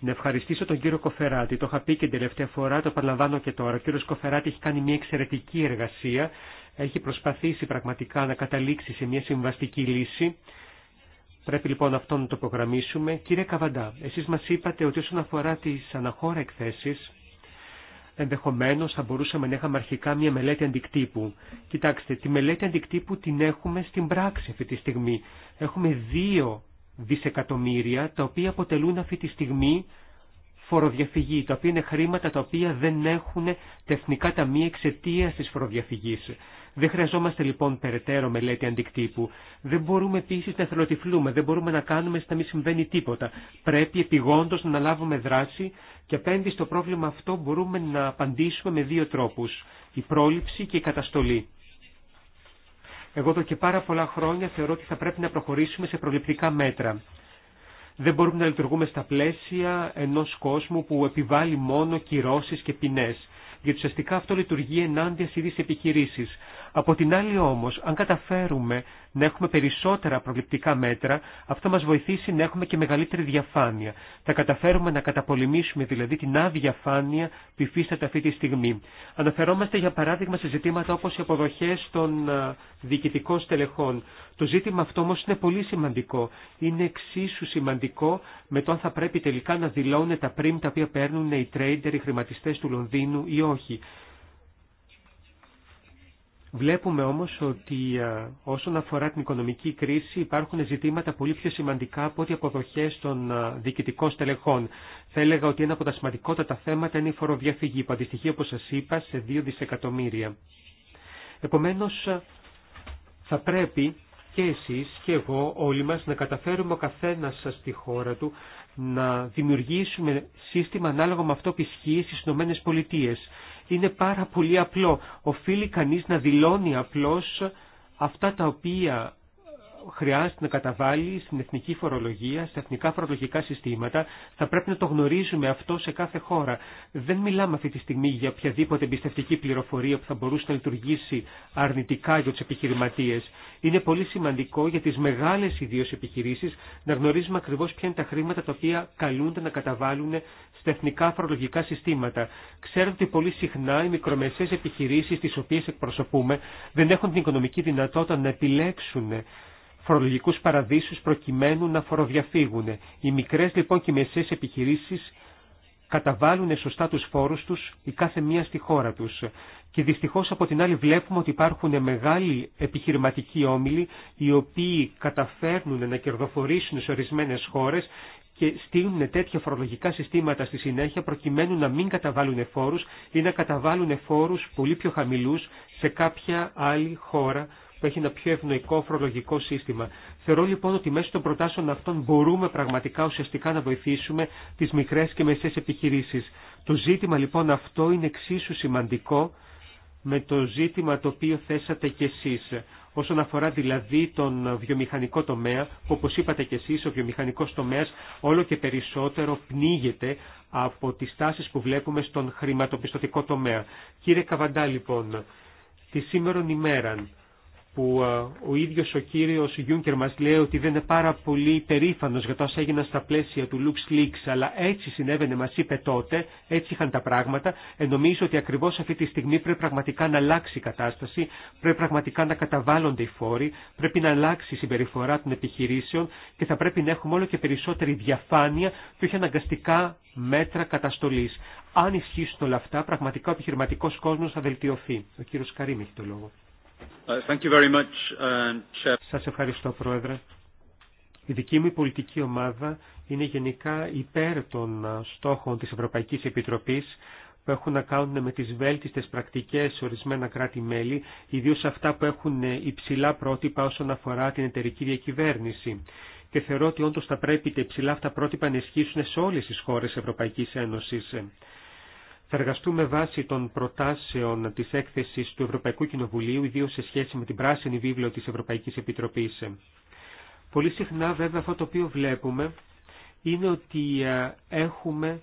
Να ευχαριστήσω τον κύριο Κοφεράτη. Το είχα πει και την τελευταία φορά, το παραλαμβάνω και τώρα. Ο κύριο Κοφεράτη έχει κάνει μια εξαιρετική εργασία. Έχει προσπαθήσει πραγματικά να καταλήξει σε μια συμβαστική λύση. Πρέπει λοιπόν αυτό να το προγραμμίσουμε. Κύριε Καβαντά, εσεί μα είπατε ότι όσον αφορά τι αναχώρα εκθέσει, ενδεχομένω θα μπορούσαμε να είχαμε αρχικά μια μελέτη αντικτύπου. Κοιτάξτε, τη μελέτη αντικτύπου την έχουμε στην πράξη αυτή τη στιγμή. Έχουμε δύο δισεκατομμύρια τα οποία αποτελούν αυτή τη στιγμή φοροδιαφυγή, τα οποία είναι χρήματα τα οποία δεν έχουν τεχνικά ταμεία εξαιτία τη φοροδιαφυγή. Δεν χρειαζόμαστε λοιπόν περαιτέρω μελέτη αντικτύπου. Δεν μπορούμε επίση να θελοτυφλούμε, δεν μπορούμε να κάνουμε στα να μην συμβαίνει τίποτα. Πρέπει επιγόντω να λάβουμε δράση και απέναντι στο πρόβλημα αυτό μπορούμε να απαντήσουμε με δύο τρόπου. Η πρόληψη και η καταστολή. Εγώ εδώ και πάρα πολλά χρόνια θεωρώ ότι θα πρέπει να προχωρήσουμε σε προληπτικά μέτρα. Δεν μπορούμε να λειτουργούμε στα πλαίσια ενός κόσμου που επιβάλλει μόνο κυρώσεις και ποινές γιατί ουσιαστικά αυτό λειτουργεί ενάντια στι επιχειρήσει. Από την άλλη όμως, αν καταφέρουμε να έχουμε περισσότερα προληπτικά μέτρα, αυτό μας βοηθήσει να έχουμε και μεγαλύτερη διαφάνεια. Θα καταφέρουμε να καταπολεμήσουμε δηλαδή την αδιαφάνεια που υφίσταται αυτή τη στιγμή. Αναφερόμαστε για παράδειγμα σε ζητήματα όπως οι αποδοχές των διοικητικών στελεχών. Το ζήτημα αυτό όμως είναι πολύ σημαντικό. Είναι εξίσου σημαντικό με το αν θα πρέπει τελικά να δηλώνουν τα πριμ τα οποία παίρνουν οι τρέιντερ, οι χρηματιστές του Λονδίνου ή όχι. Βλέπουμε όμως ότι ε, όσον αφορά την οικονομική κρίση υπάρχουν ζητήματα πολύ πιο σημαντικά από ό,τι αποδοχές των ε, διοικητικών στελεχών. Θα έλεγα ότι ένα από τα σημαντικότατα θέματα είναι η φοροδιαφυγή που αντιστοιχεί όπως σας είπα σε 2 δισεκατομμύρια. Επομένως ε, θα πρέπει και εσείς και εγώ όλοι μας να καταφέρουμε ο καθένας στη χώρα του να δημιουργήσουμε σύστημα ανάλογα με αυτό που ισχύει στις ΗΠΑ είναι πάρα πολύ απλό. Οφείλει κανείς να δηλώνει απλώς αυτά τα οποία χρειάζεται να καταβάλει στην εθνική φορολογία, στα εθνικά φορολογικά συστήματα. Θα πρέπει να το γνωρίζουμε αυτό σε κάθε χώρα. Δεν μιλάμε αυτή τη στιγμή για οποιαδήποτε εμπιστευτική πληροφορία που θα μπορούσε να λειτουργήσει αρνητικά για του επιχειρηματίε. Είναι πολύ σημαντικό για τι μεγάλε ιδίω επιχειρήσει να γνωρίζουμε ακριβώ ποια είναι τα χρήματα τα οποία καλούνται να καταβάλουν στα εθνικά φορολογικά συστήματα. Ξέρετε ότι πολύ συχνά οι μικρομεσαίε επιχειρήσει τι οποίε εκπροσωπούμε δεν έχουν την οικονομική δυνατότητα να επιλέξουν φορολογικούς παραδείσους προκειμένου να φοροδιαφύγουν. Οι μικρές λοιπόν και μεσαίες επιχειρήσεις καταβάλουν σωστά τους φόρους τους η κάθε μία στη χώρα τους. Και δυστυχώς από την άλλη βλέπουμε ότι υπάρχουν μεγάλοι επιχειρηματικοί όμιλοι οι οποίοι καταφέρνουν να κερδοφορήσουν σε ορισμένες χώρες και στείλουν τέτοια φορολογικά συστήματα στη συνέχεια προκειμένου να μην καταβάλουν φόρους ή να καταβάλουν φόρους πολύ πιο χαμηλούς σε κάποια άλλη χώρα που έχει ένα πιο ευνοϊκό φορολογικό σύστημα. Θεωρώ λοιπόν ότι μέσω των προτάσεων αυτών μπορούμε πραγματικά ουσιαστικά να βοηθήσουμε τι μικρέ και μεσαίες επιχειρήσει. Το ζήτημα λοιπόν αυτό είναι εξίσου σημαντικό με το ζήτημα το οποίο θέσατε κι εσεί, Όσον αφορά δηλαδή τον βιομηχανικό τομέα, που όπως είπατε κι εσείς, ο βιομηχανικός τομέας όλο και περισσότερο πνίγεται από τις τάσεις που βλέπουμε στον χρηματοπιστωτικό τομέα. Κύριε Καβαντά λοιπόν, τη σήμερον ημέραν που ε, ο ίδιος ο κύριος Γιούνκερ μας λέει ότι δεν είναι πάρα πολύ περήφανος για το όσα έγιναν στα πλαίσια του Λουξ Leaks, αλλά έτσι συνέβαινε, μας είπε τότε, έτσι είχαν τα πράγματα. Ε, νομίζω ότι ακριβώς αυτή τη στιγμή πρέπει πραγματικά να αλλάξει η κατάσταση, πρέπει πραγματικά να καταβάλλονται οι φόροι, πρέπει να αλλάξει η συμπεριφορά των επιχειρήσεων και θα πρέπει να έχουμε όλο και περισσότερη διαφάνεια και όχι αναγκαστικά μέτρα καταστολής. Αν ισχύσουν όλα αυτά, πραγματικά ο επιχειρηματικός κόσμος θα βελτιωθεί. Ο κύριος Καρίμ έχει το λόγο. Uh, thank uh, Σας ευχαριστώ, Πρόεδρε. Η δική μου πολιτική ομάδα είναι γενικά υπέρ των uh, στόχων της Ευρωπαϊκής Επιτροπής που έχουν να κάνουν με τις βέλτιστες πρακτικές σε ορισμένα κράτη-μέλη, ιδίως αυτά που έχουν υψηλά πρότυπα όσον αφορά την εταιρική διακυβέρνηση. Και θεωρώ ότι όντως θα πρέπει τα υψηλά αυτά πρότυπα να ισχύσουν σε όλες τις χώρες Ευρωπαϊκής Ένωσης. Θα εργαστούμε βάσει των προτάσεων της έκθεσης του Ευρωπαϊκού Κοινοβουλίου, ιδίως σε σχέση με την πράσινη βίβλο της Ευρωπαϊκής Επιτροπής. Πολύ συχνά βέβαια αυτό το οποίο βλέπουμε είναι ότι ε, έχουμε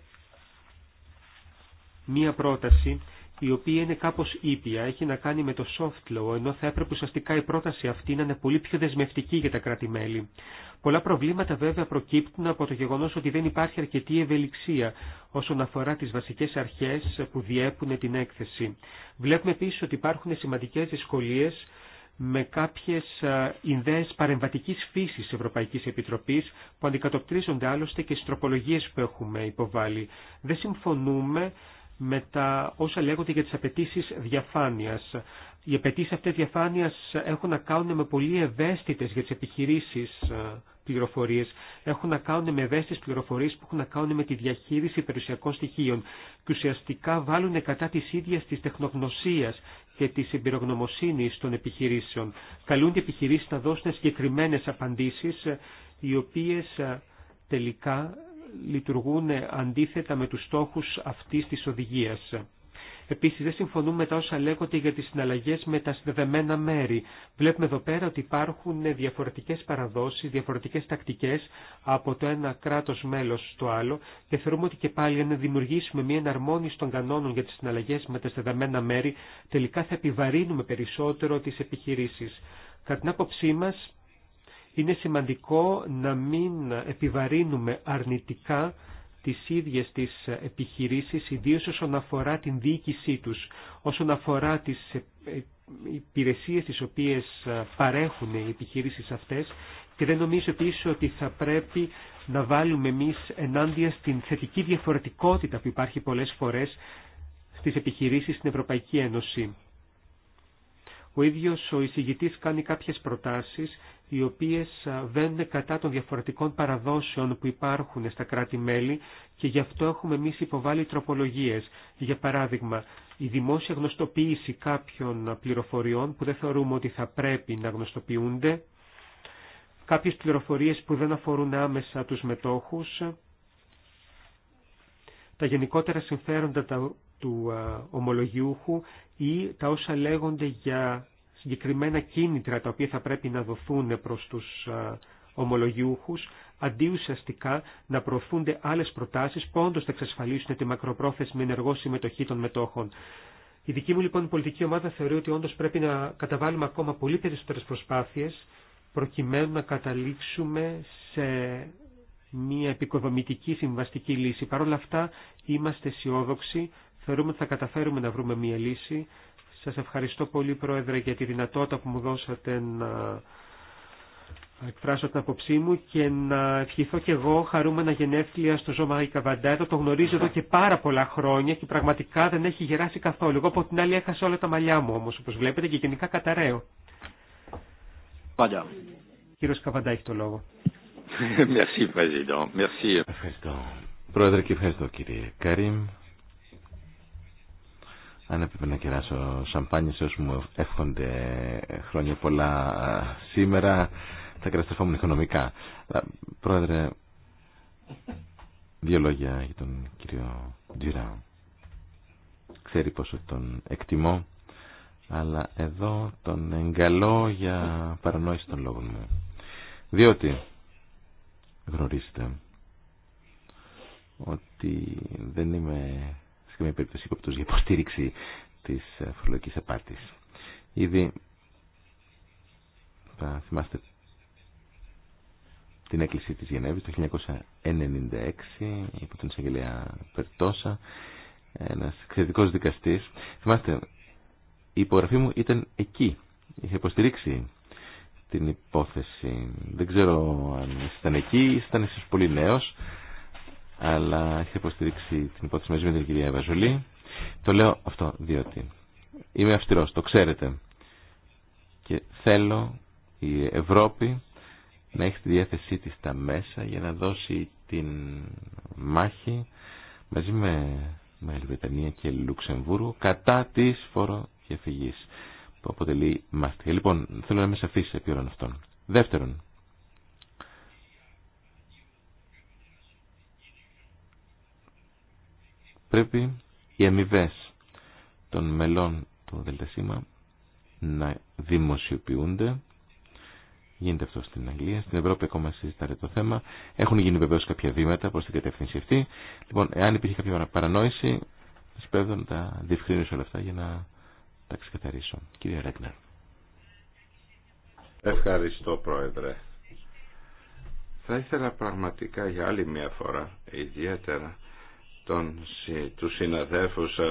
μία πρόταση η οποία είναι κάπως ήπια, έχει να κάνει με το soft law, ενώ θα έπρεπε ουσιαστικά η πρόταση αυτή να είναι πολύ πιο δεσμευτική για τα κράτη-μέλη. Πολλά προβλήματα βέβαια προκύπτουν από το γεγονός ότι δεν υπάρχει αρκετή ευελιξία όσον αφορά τις βασικές αρχές που διέπουν την έκθεση. Βλέπουμε επίσης ότι υπάρχουν σημαντικές δυσκολίες με κάποιες ιδέες παρεμβατικής φύσης Ευρωπαϊκής Επιτροπής που αντικατοπτρίζονται άλλωστε και στις τροπολογίες που έχουμε υποβάλει. Δεν συμφωνούμε με τα όσα λέγονται για τις απαιτήσει διαφάνειας. Οι απαιτήσει αυτές διαφάνειας έχουν να κάνουν με πολύ ευαίσθητες για τις επιχειρήσεις ε, πληροφορίες. Έχουν να κάνουν με ευαίσθητες πληροφορίες που έχουν να κάνουν με τη διαχείριση περιουσιακών στοιχείων και ουσιαστικά βάλουν κατά της ίδιας της τεχνογνωσίας και της εμπειρογνωμοσύνης των επιχειρήσεων. Καλούν οι επιχειρήσει να δώσουν συγκεκριμένες απαντήσεις ε, οι οποίες ε, τελικά λειτουργούν αντίθετα με τους στόχους αυτής της οδηγίας. Επίσης δεν συμφωνούμε με τα όσα λέγονται για τις συναλλαγές με τα συνδεδεμένα μέρη. Βλέπουμε εδώ πέρα ότι υπάρχουν διαφορετικές παραδόσεις, διαφορετικές τακτικές από το ένα κράτος μέλος στο άλλο και θεωρούμε ότι και πάλι αν δημιουργήσουμε μια εναρμόνιση των κανόνων για τις συναλλαγές με τα συνδεδεμένα μέρη τελικά θα επιβαρύνουμε περισσότερο τις επιχειρήσεις. Κατά την άποψή μας είναι σημαντικό να μην επιβαρύνουμε αρνητικά τις ίδιες τις επιχειρήσεις, ιδίως όσον αφορά την διοίκησή τους, όσον αφορά τις ε, υπηρεσίες τις οποίες ε, παρέχουν οι επιχειρήσεις αυτές και δεν νομίζω πίσω ότι θα πρέπει να βάλουμε εμείς ενάντια στην θετική διαφορετικότητα που υπάρχει πολλές φορές στις επιχειρήσεις στην Ευρωπαϊκή Ένωση. Ο ίδιος ο εισηγητής κάνει κάποιες προτάσεις οι οποίες βαίνουν κατά των διαφορετικών παραδόσεων που υπάρχουν στα κράτη-μέλη και γι' αυτό έχουμε εμεί υποβάλει τροπολογίες. Για παράδειγμα, η δημόσια γνωστοποίηση κάποιων πληροφοριών που δεν θεωρούμε ότι θα πρέπει να γνωστοποιούνται, κάποιες πληροφορίες που δεν αφορούν άμεσα τους μετόχους, τα γενικότερα συμφέροντα τα του ομολογιούχου ή τα όσα λέγονται για συγκεκριμένα κίνητρα τα οποία θα πρέπει να δοθούν προς τους ομολογιούχους, αντί ουσιαστικά να προωθούνται άλλες προτάσεις που όντως θα εξασφαλίσουν τη μακροπρόθεσμη ενεργό συμμετοχή των μετόχων. Η δική μου λοιπόν πολιτική ομάδα θεωρεί ότι όντως πρέπει να καταβάλουμε ακόμα πολύ περισσότερες προσπάθειες προκειμένου να καταλήξουμε σε μια επικοδομητική συμβαστική λύση. Παρ' όλα αυτά είμαστε αισιόδοξοι Θεωρούμε ότι θα καταφέρουμε να βρούμε μία λύση. Σας ευχαριστώ πολύ, Πρόεδρε, για τη δυνατότητα που μου δώσατε να εκφράσω την απόψή μου και να ευχηθώ και εγώ χαρούμενα γενέθλια στο ζώμα Καβαντά. Εδώ το γνωρίζω εδώ και πάρα πολλά χρόνια και πραγματικά δεν έχει γεράσει καθόλου. Εγώ από την άλλη έχασα όλα τα μαλλιά μου όμως, όπως βλέπετε, και γενικά καταραίω. Πάντα. Κύριος Καβαντά έχει το λόγο. Merci, Président. Merci. Ευχαριστώ. Πρόεδρε και ευχαριστώ κύριε Καρίμ. Αν έπρεπε να κεράσω σαμπάνια σε όσους μου εύχονται χρόνια πολλά σήμερα, θα κεραστευόμουν οικονομικά. Πρόεδρε, δύο λόγια για τον κύριο Τζιρά. Ξέρει πόσο τον εκτιμώ, αλλά εδώ τον εγκαλώ για παρανόηση των λόγων μου. Διότι γνωρίζετε ότι δεν είμαι και περίπτωση υποπτούς για υποστήριξη τη ε, φορολογική απάτη. Ήδη θα θυμάστε την έκκληση της Γενέβης το 1996 υπό τον εισαγγελέα Περτόσα ένας εξαιρετικό δικαστής θυμάστε η υπογραφή μου ήταν εκεί είχε υποστηρίξει την υπόθεση δεν ξέρω αν ήταν εκεί ήταν εσεί πολύ νέο αλλά έχετε υποστηρίξει την υπόθεση μαζί με την κυρία Βαζουλή Το λέω αυτό διότι είμαι αυστηρό, το ξέρετε. Και θέλω η Ευρώπη να έχει τη διάθεσή της τα μέσα για να δώσει την μάχη μαζί με Μεγάλη Βρετανία και Λουξεμβούργο κατά της φοροδιαφυγή που αποτελεί μάστιγα. Λοιπόν, θέλω να είμαι σαφής επί όλων αυτών. Δεύτερον, πρέπει οι αμοιβέ των μελών του ΔΣ να δημοσιοποιούνται. Γίνεται αυτό στην Αγγλία. Στην Ευρώπη ακόμα συζητάτε το θέμα. Έχουν γίνει βεβαίω κάποια βήματα προ την κατεύθυνση αυτή. Λοιπόν, εάν υπήρχε κάποια παρανόηση, σα να τα διευκρινίσω όλα αυτά για να τα ξεκαθαρίσω. Κύριε Ρέγνερ. Ευχαριστώ, Πρόεδρε. Θα ήθελα πραγματικά για άλλη μια φορά, ιδιαίτερα, τον, τους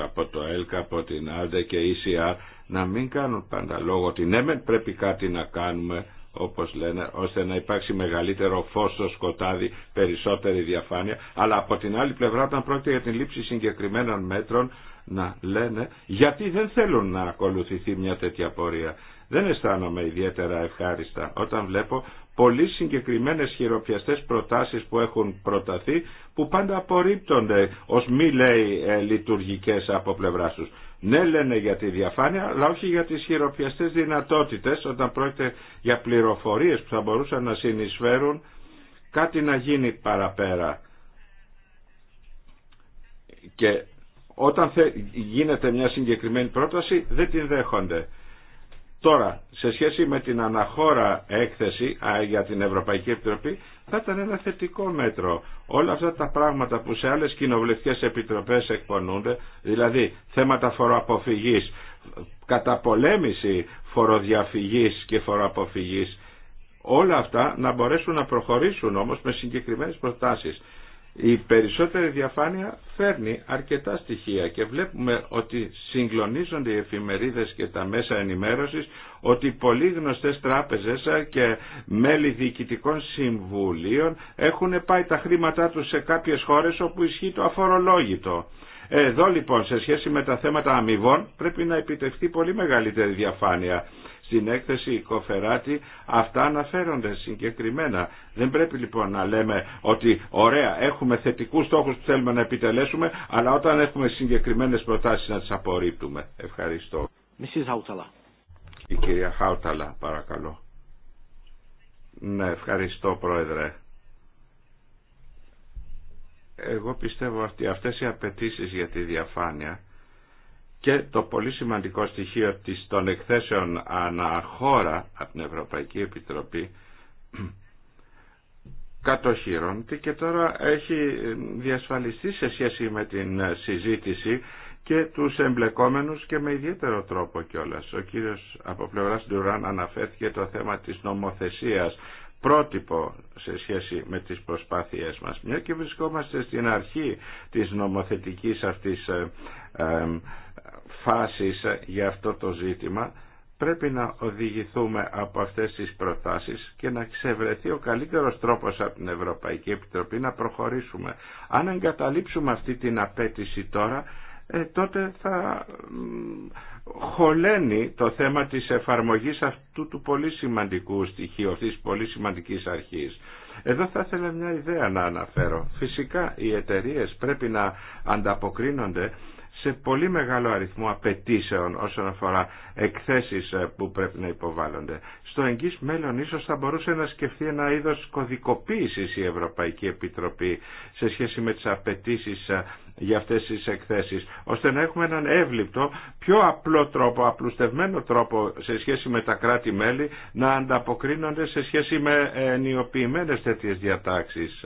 από το ΕΛΚΑ, από την ΑΔΕ και ECR να μην κάνουν πάντα λόγο ότι ναι πρέπει κάτι να κάνουμε όπως λένε, ώστε να υπάρξει μεγαλύτερο φως στο σκοτάδι, περισσότερη διαφάνεια, αλλά από την άλλη πλευρά όταν πρόκειται για την λήψη συγκεκριμένων μέτρων να λένε γιατί δεν θέλουν να ακολουθηθεί μια τέτοια πορεία δεν αισθάνομαι ιδιαίτερα ευχάριστα όταν βλέπω πολύ συγκεκριμένες χειροπιαστές προτάσεις που έχουν προταθεί που πάντα απορρίπτονται ως μη λέει ε, λειτουργικές από πλευρά τους. Ναι λένε για τη διαφάνεια αλλά όχι για τις χειροπιαστές δυνατότητες όταν πρόκειται για πληροφορίες που θα μπορούσαν να συνεισφέρουν κάτι να γίνει παραπέρα. Και όταν γίνεται μια συγκεκριμένη πρόταση δεν την δέχονται. Τώρα, σε σχέση με την αναχώρα έκθεση για την Ευρωπαϊκή Επιτροπή, θα ήταν ένα θετικό μέτρο. Όλα αυτά τα πράγματα που σε άλλες κοινοβουλευτικές επιτροπές εκπονούνται, δηλαδή θέματα φοροαποφυγής, καταπολέμηση φοροδιαφυγής και φοροαποφυγής, όλα αυτά να μπορέσουν να προχωρήσουν όμως με συγκεκριμένες προτάσεις. Η περισσότερη διαφάνεια φέρνει αρκετά στοιχεία και βλέπουμε ότι συγκλονίζονται οι εφημερίδες και τα μέσα ενημέρωσης ότι πολύ γνωστές τράπεζες και μέλη διοικητικών συμβουλίων έχουν πάει τα χρήματά τους σε κάποιες χώρες όπου ισχύει το αφορολόγητο. Εδώ λοιπόν σε σχέση με τα θέματα αμοιβών πρέπει να επιτευχθεί πολύ μεγαλύτερη διαφάνεια στην έκθεση Κοφεράτη αυτά αναφέρονται συγκεκριμένα. Δεν πρέπει λοιπόν να λέμε ότι ωραία έχουμε θετικούς στόχους που θέλουμε να επιτελέσουμε αλλά όταν έχουμε συγκεκριμένες προτάσεις να τις απορρίπτουμε. Ευχαριστώ. Η κυρία Χάουταλα παρακαλώ. Ναι ευχαριστώ πρόεδρε. Εγώ πιστεύω ότι αυτές οι απαιτήσει για τη διαφάνεια και το πολύ σημαντικό στοιχείο της των εκθέσεων αναχώρα από την Ευρωπαϊκή Επιτροπή κατοχύρονται και τώρα έχει διασφαλιστεί σε σχέση με την συζήτηση και τους εμπλεκόμενους και με ιδιαίτερο τρόπο κιόλας. Ο κύριος από πλευράς Ντουράν αναφέρθηκε το θέμα της νομοθεσίας πρότυπο σε σχέση με τις προσπάθειές μας. Μια και βρισκόμαστε στην αρχή της νομοθετικής αυτής ε, ε, φάσεις για αυτό το ζήτημα πρέπει να οδηγηθούμε από αυτές τις προτάσεις και να ξεβρεθεί ο καλύτερος τρόπος από την Ευρωπαϊκή Επιτροπή να προχωρήσουμε. Αν εγκαταλείψουμε αυτή την απέτηση τώρα, ε, τότε θα χωλαίνει το θέμα της εφαρμογής αυτού του πολύ σημαντικού στοιχείου, αυτής της πολύ σημαντικής αρχής. Εδώ θα ήθελα μια ιδέα να αναφέρω. Φυσικά οι εταιρείε πρέπει να ανταποκρίνονται σε πολύ μεγάλο αριθμό απαιτήσεων όσον αφορά εκθέσεις ε, που πρέπει να υποβάλλονται. Στο εγγύς μέλλον ίσως θα μπορούσε να σκεφτεί ένα είδος κωδικοποίησης η Ευρωπαϊκή Επιτροπή σε σχέση με τις απαιτήσει ε, για αυτές τις εκθέσεις, ώστε να έχουμε έναν εύληπτο, πιο απλό τρόπο, απλουστευμένο τρόπο σε σχέση με τα κράτη-μέλη να ανταποκρίνονται σε σχέση με ε, ενιοποιημένες τέτοιες διατάξεις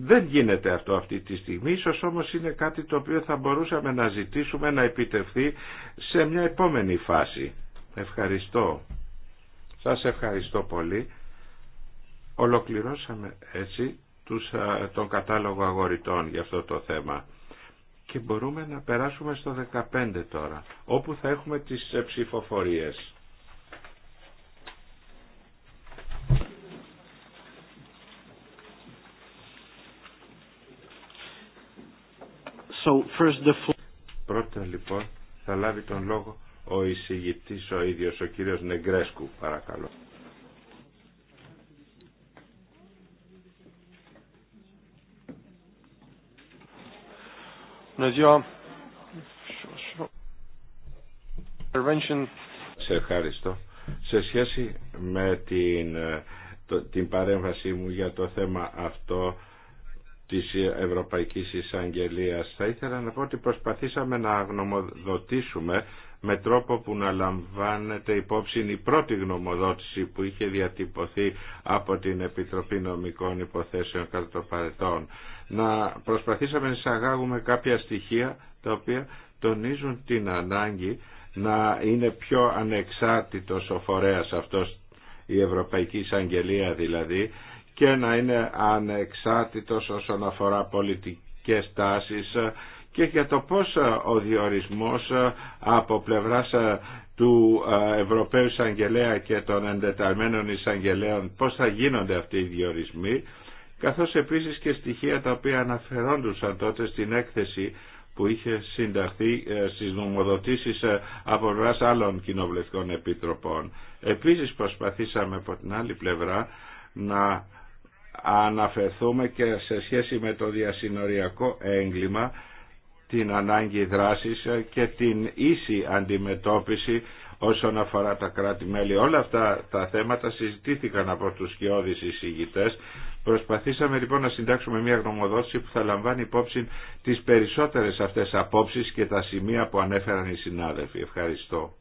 δεν γίνεται αυτό αυτή τη στιγμή, ίσως όμως είναι κάτι το οποίο θα μπορούσαμε να ζητήσουμε να επιτευχθεί σε μια επόμενη φάση. Ευχαριστώ. Σας ευχαριστώ πολύ. Ολοκληρώσαμε έτσι τους, τον κατάλογο αγοριτών για αυτό το θέμα. Και μπορούμε να περάσουμε στο 15 τώρα, όπου θα έχουμε τις ψηφοφορίες. Πρώτα λοιπόν θα λάβει τον λόγο ο εισηγητής ο ίδιος, ο κύριος Νεγκρέσκου, παρακαλώ. Ναι, Σε ευχαριστώ. Σε σχέση με την, ε, την παρέμβασή μου για το θέμα αυτό, της Ευρωπαϊκής Εισαγγελίας. Θα ήθελα να πω ότι προσπαθήσαμε να γνωμοδοτήσουμε με τρόπο που να λαμβάνεται υπόψη η πρώτη γνωμοδότηση που είχε διατυπωθεί από την Επιτροπή Νομικών Υποθέσεων κατά το παρελθόν. Να προσπαθήσαμε να εισαγάγουμε κάποια στοιχεία τα οποία τονίζουν την ανάγκη να είναι πιο ανεξάρτητος ο φορέας αυτός η Ευρωπαϊκή Εισαγγελία δηλαδή και να είναι ανεξάρτητος όσον αφορά πολιτικές τάσεις και για το πώς ο διορισμός από πλευράς του Ευρωπαίου Εισαγγελέα και των εντεταλμένων εισαγγελέων πώς θα γίνονται αυτοί οι διορισμοί καθώς επίσης και στοιχεία τα οποία αναφερόντουσαν τότε στην έκθεση που είχε συνταχθεί ε, στις νομοδοτήσεις ε, από πλευράς άλλων κοινοβουλευτικών επιτροπών. Επίσης προσπαθήσαμε από την άλλη πλευρά να αναφερθούμε και σε σχέση με το διασυνοριακό έγκλημα την ανάγκη δράσης και την ίση αντιμετώπιση όσον αφορά τα κράτη-μέλη. Όλα αυτά τα θέματα συζητήθηκαν από τους σκιώδεις εισηγητές. Προσπαθήσαμε λοιπόν να συντάξουμε μια γνωμοδότηση που θα λαμβάνει υπόψη τις περισσότερες αυτές απόψεις και τα σημεία που ανέφεραν οι συνάδελφοι. Ευχαριστώ.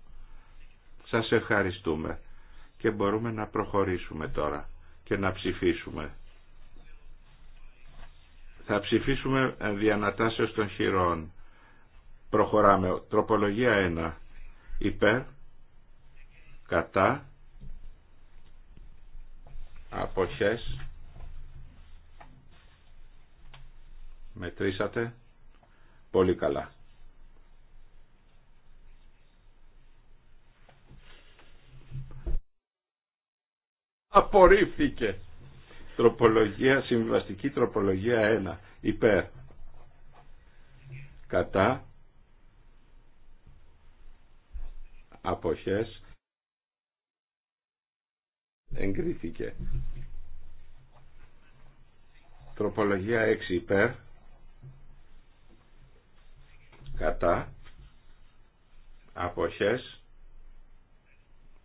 Σας ευχαριστούμε και μπορούμε να προχωρήσουμε τώρα και να ψηφίσουμε. Θα ψηφίσουμε διανατάσεως των χειρών. Προχωράμε. Τροπολογία 1. Υπέρ. Κατά. Αποχές. Μετρήσατε. Πολύ καλά. Απορρίφθηκε τροπολογία, συμβιβαστική τροπολογία 1 υπέρ κατά αποχές εγκρίθηκε τροπολογία 6 υπέρ κατά αποχές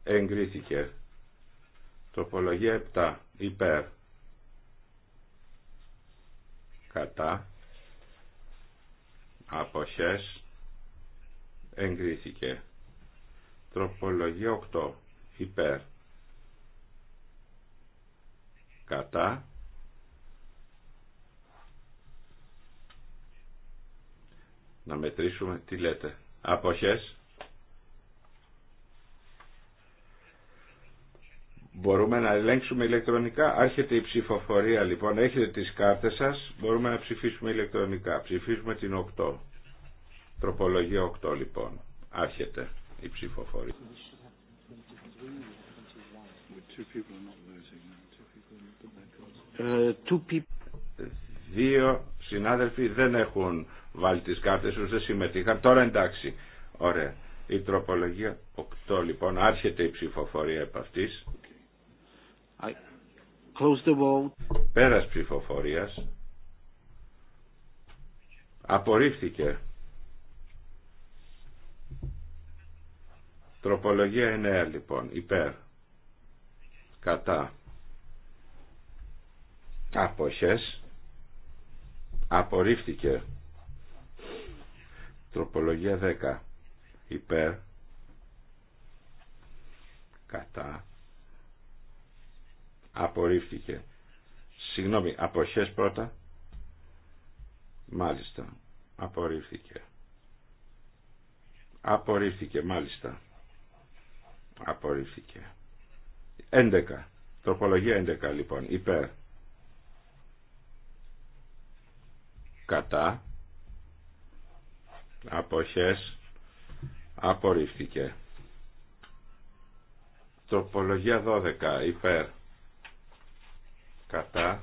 εγκρίθηκε τροπολογία 7 υπέρ κατά αποχές εγκρίθηκε τροπολογία 8 υπέρ κατά να μετρήσουμε τι λέτε αποχές Μπορούμε να ελέγξουμε ηλεκτρονικά. Άρχεται η ψηφοφορία λοιπόν. Έχετε τις κάρτες σας. Μπορούμε να ψηφίσουμε ηλεκτρονικά. Ψηφίσουμε την 8. Τροπολογία 8 λοιπόν. Άρχεται η ψηφοφορία. Ε, Δύο συνάδελφοι δεν έχουν βάλει τις κάρτες τους, δεν συμμετείχαν. Τώρα εντάξει. Ωραία. Η τροπολογία 8 λοιπόν. Άρχεται η ψηφοφορία επ' αυτής. I close the vote. Πέρας ψηφοφορίας. Απορρίφθηκε. Τροπολογία 9 λοιπόν. Υπέρ. Κατά. Αποχές. Απορρίφθηκε. Τροπολογία 10. Υπέρ. Κατά απορρίφθηκε. Συγγνώμη, αποχές πρώτα. Μάλιστα, απορρίφθηκε. Απορρίφθηκε, μάλιστα. Απορρίφθηκε. 11. Τροπολογία 11 λοιπόν. Υπέρ. Κατά. Αποχές. Απορρίφθηκε. Τροπολογία 12. Υπέρ κατά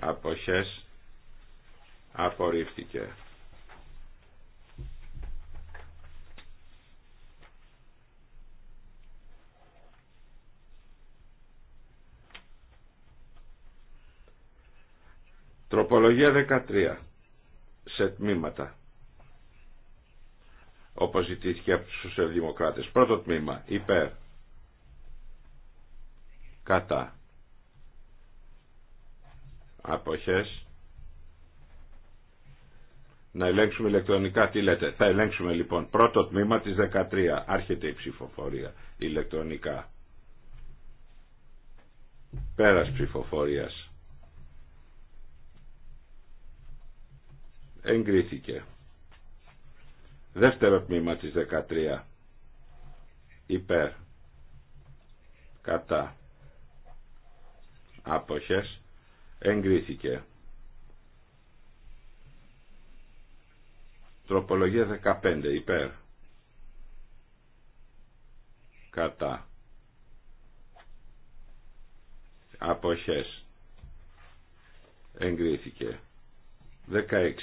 αποχές απορρίφθηκε. Τροπολογία 13. Σε τμήματα. Όπως ζητήθηκε από τους σοσιαλδημοκράτες. Πρώτο τμήμα. Υπέρ. Κατά αποχές να ελέγξουμε ηλεκτρονικά τι λέτε θα ελέγξουμε λοιπόν πρώτο τμήμα της 13 άρχεται η ψηφοφορία ηλεκτρονικά πέρας ψηφοφορίας εγκρίθηκε δεύτερο τμήμα της 13 υπέρ κατά άποχες εγκρίθηκε. Τροπολογία 15 υπέρ. Κατά. Αποχές. Εγκρίθηκε. 16.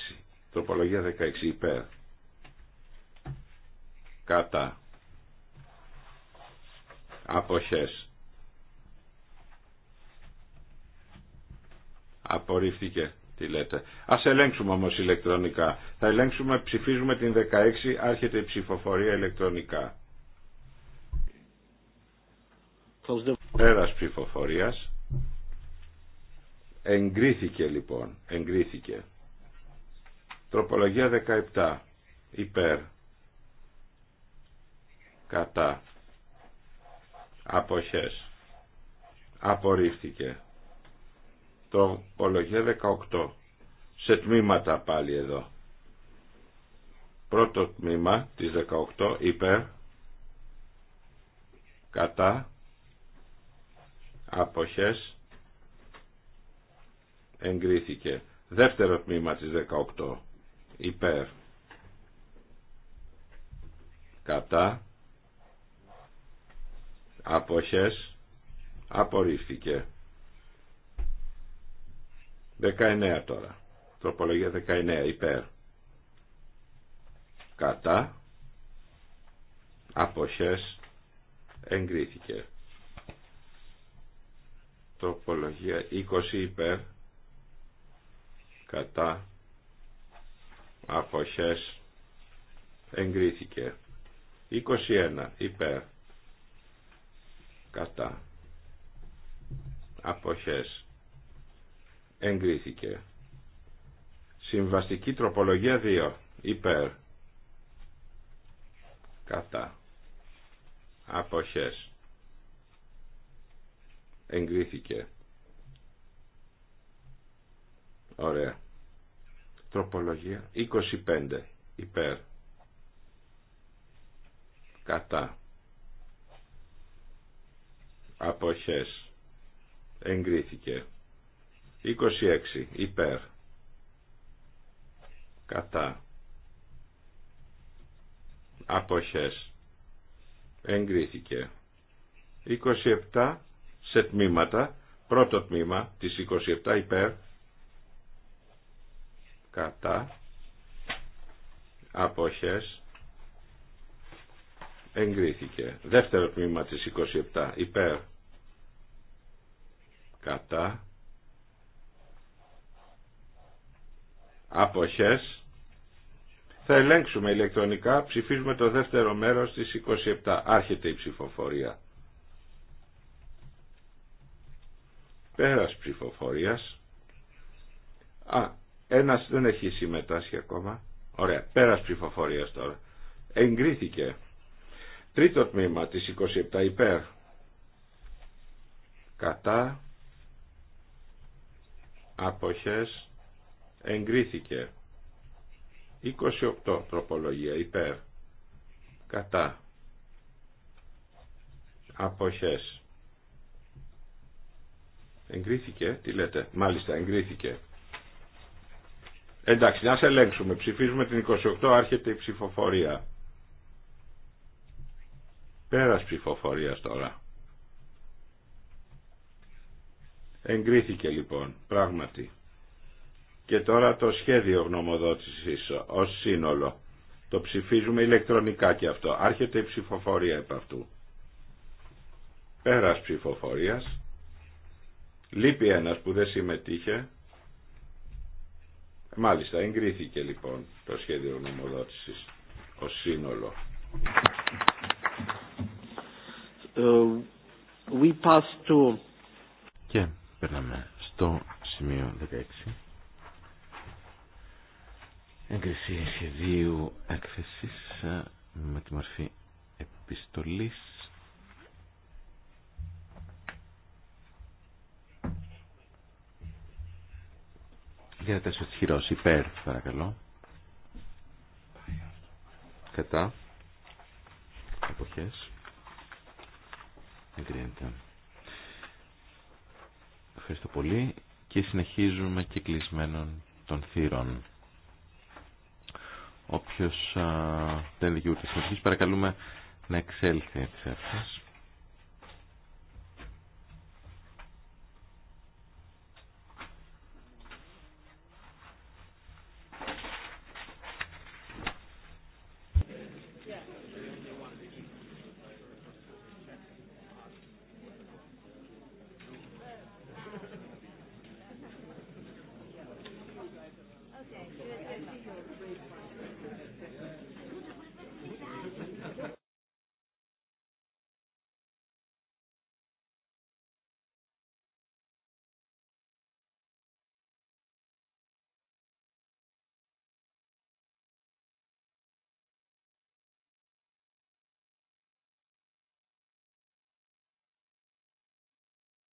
Τροπολογία 16 υπέρ. Κατά. Αποχές. Απορρίφθηκε. Τι λέτε. Ας ελέγξουμε όμω ηλεκτρονικά. Θα ελέγξουμε, ψηφίζουμε την 16, άρχεται η ψηφοφορία ηλεκτρονικά. Πέρας ψηφοφορίας. Εγκρίθηκε λοιπόν. Εγκρίθηκε. Τροπολογία 17. Υπέρ. Κατά. Αποχές. Απορρίφθηκε το ολογέ 18 σε τμήματα πάλι εδώ πρώτο τμήμα της 18 υπέρ κατά αποχές εγκρίθηκε δεύτερο τμήμα της 18 υπέρ κατά αποχές απορρίφθηκε 19 τώρα. Τροπολογία 19 υπέρ. Κατά. Αποχές. Εγκρίθηκε. Τροπολογία 20 υπέρ. Κατά. Αποχές. Εγκρίθηκε. 21 υπέρ. Κατά. Αποχές εγκρίθηκε. Συμβαστική τροπολογία 2. Υπέρ. Κατά. Αποχές. Εγκρίθηκε. Ωραία. Τροπολογία 25. Υπέρ. Κατά. Αποχές. Εγκρίθηκε. 26 υπέρ κατά αποχές εγκρίθηκε 27 σε τμήματα πρώτο τμήμα της 27 υπέρ κατά αποχές εγκρίθηκε δεύτερο τμήμα της 27 υπέρ κατά αποχές θα ελέγξουμε ηλεκτρονικά ψηφίζουμε το δεύτερο μέρος της 27 άρχεται η ψηφοφορία πέρας ψηφοφορίας α, ένας δεν έχει συμμετάσχει ακόμα ωραία, πέρας ψηφοφορίας τώρα εγκρίθηκε τρίτο τμήμα της 27 υπέρ κατά αποχές εγκρίθηκε 28 τροπολογία υπέρ κατά αποχές εγκρίθηκε τι λέτε μάλιστα εγκρίθηκε εντάξει να σε ελέγξουμε ψηφίζουμε την 28 άρχεται η ψηφοφορία πέρας ψηφοφορίας τώρα εγκρίθηκε λοιπόν πράγματι και τώρα το σχέδιο γνωμοδότησης ως σύνολο. Το ψηφίζουμε ηλεκτρονικά και αυτό. Άρχεται η ψηφοφορία επ' αυτού. Πέρας ψηφοφορίας. Λείπει ένας που δεν συμμετείχε. Μάλιστα, εγκρίθηκε λοιπόν το σχέδιο γνωμοδότησης ως σύνολο. Ε, we pass to... Και περνάμε στο σημείο 16. Εγκρισή σχεδίου έκθεσης με τη μορφή επιστολής. τέσσερι χειρός υπέρ, παρακαλώ. Κατά. Εποχές. Εγκρίνεται. Ευχαριστώ πολύ και συνεχίζουμε κυκλισμένων των θύρων όποιος δεν δικαιούται συνεχίσει, παρακαλούμε να εξέλθει έτσι αυτές.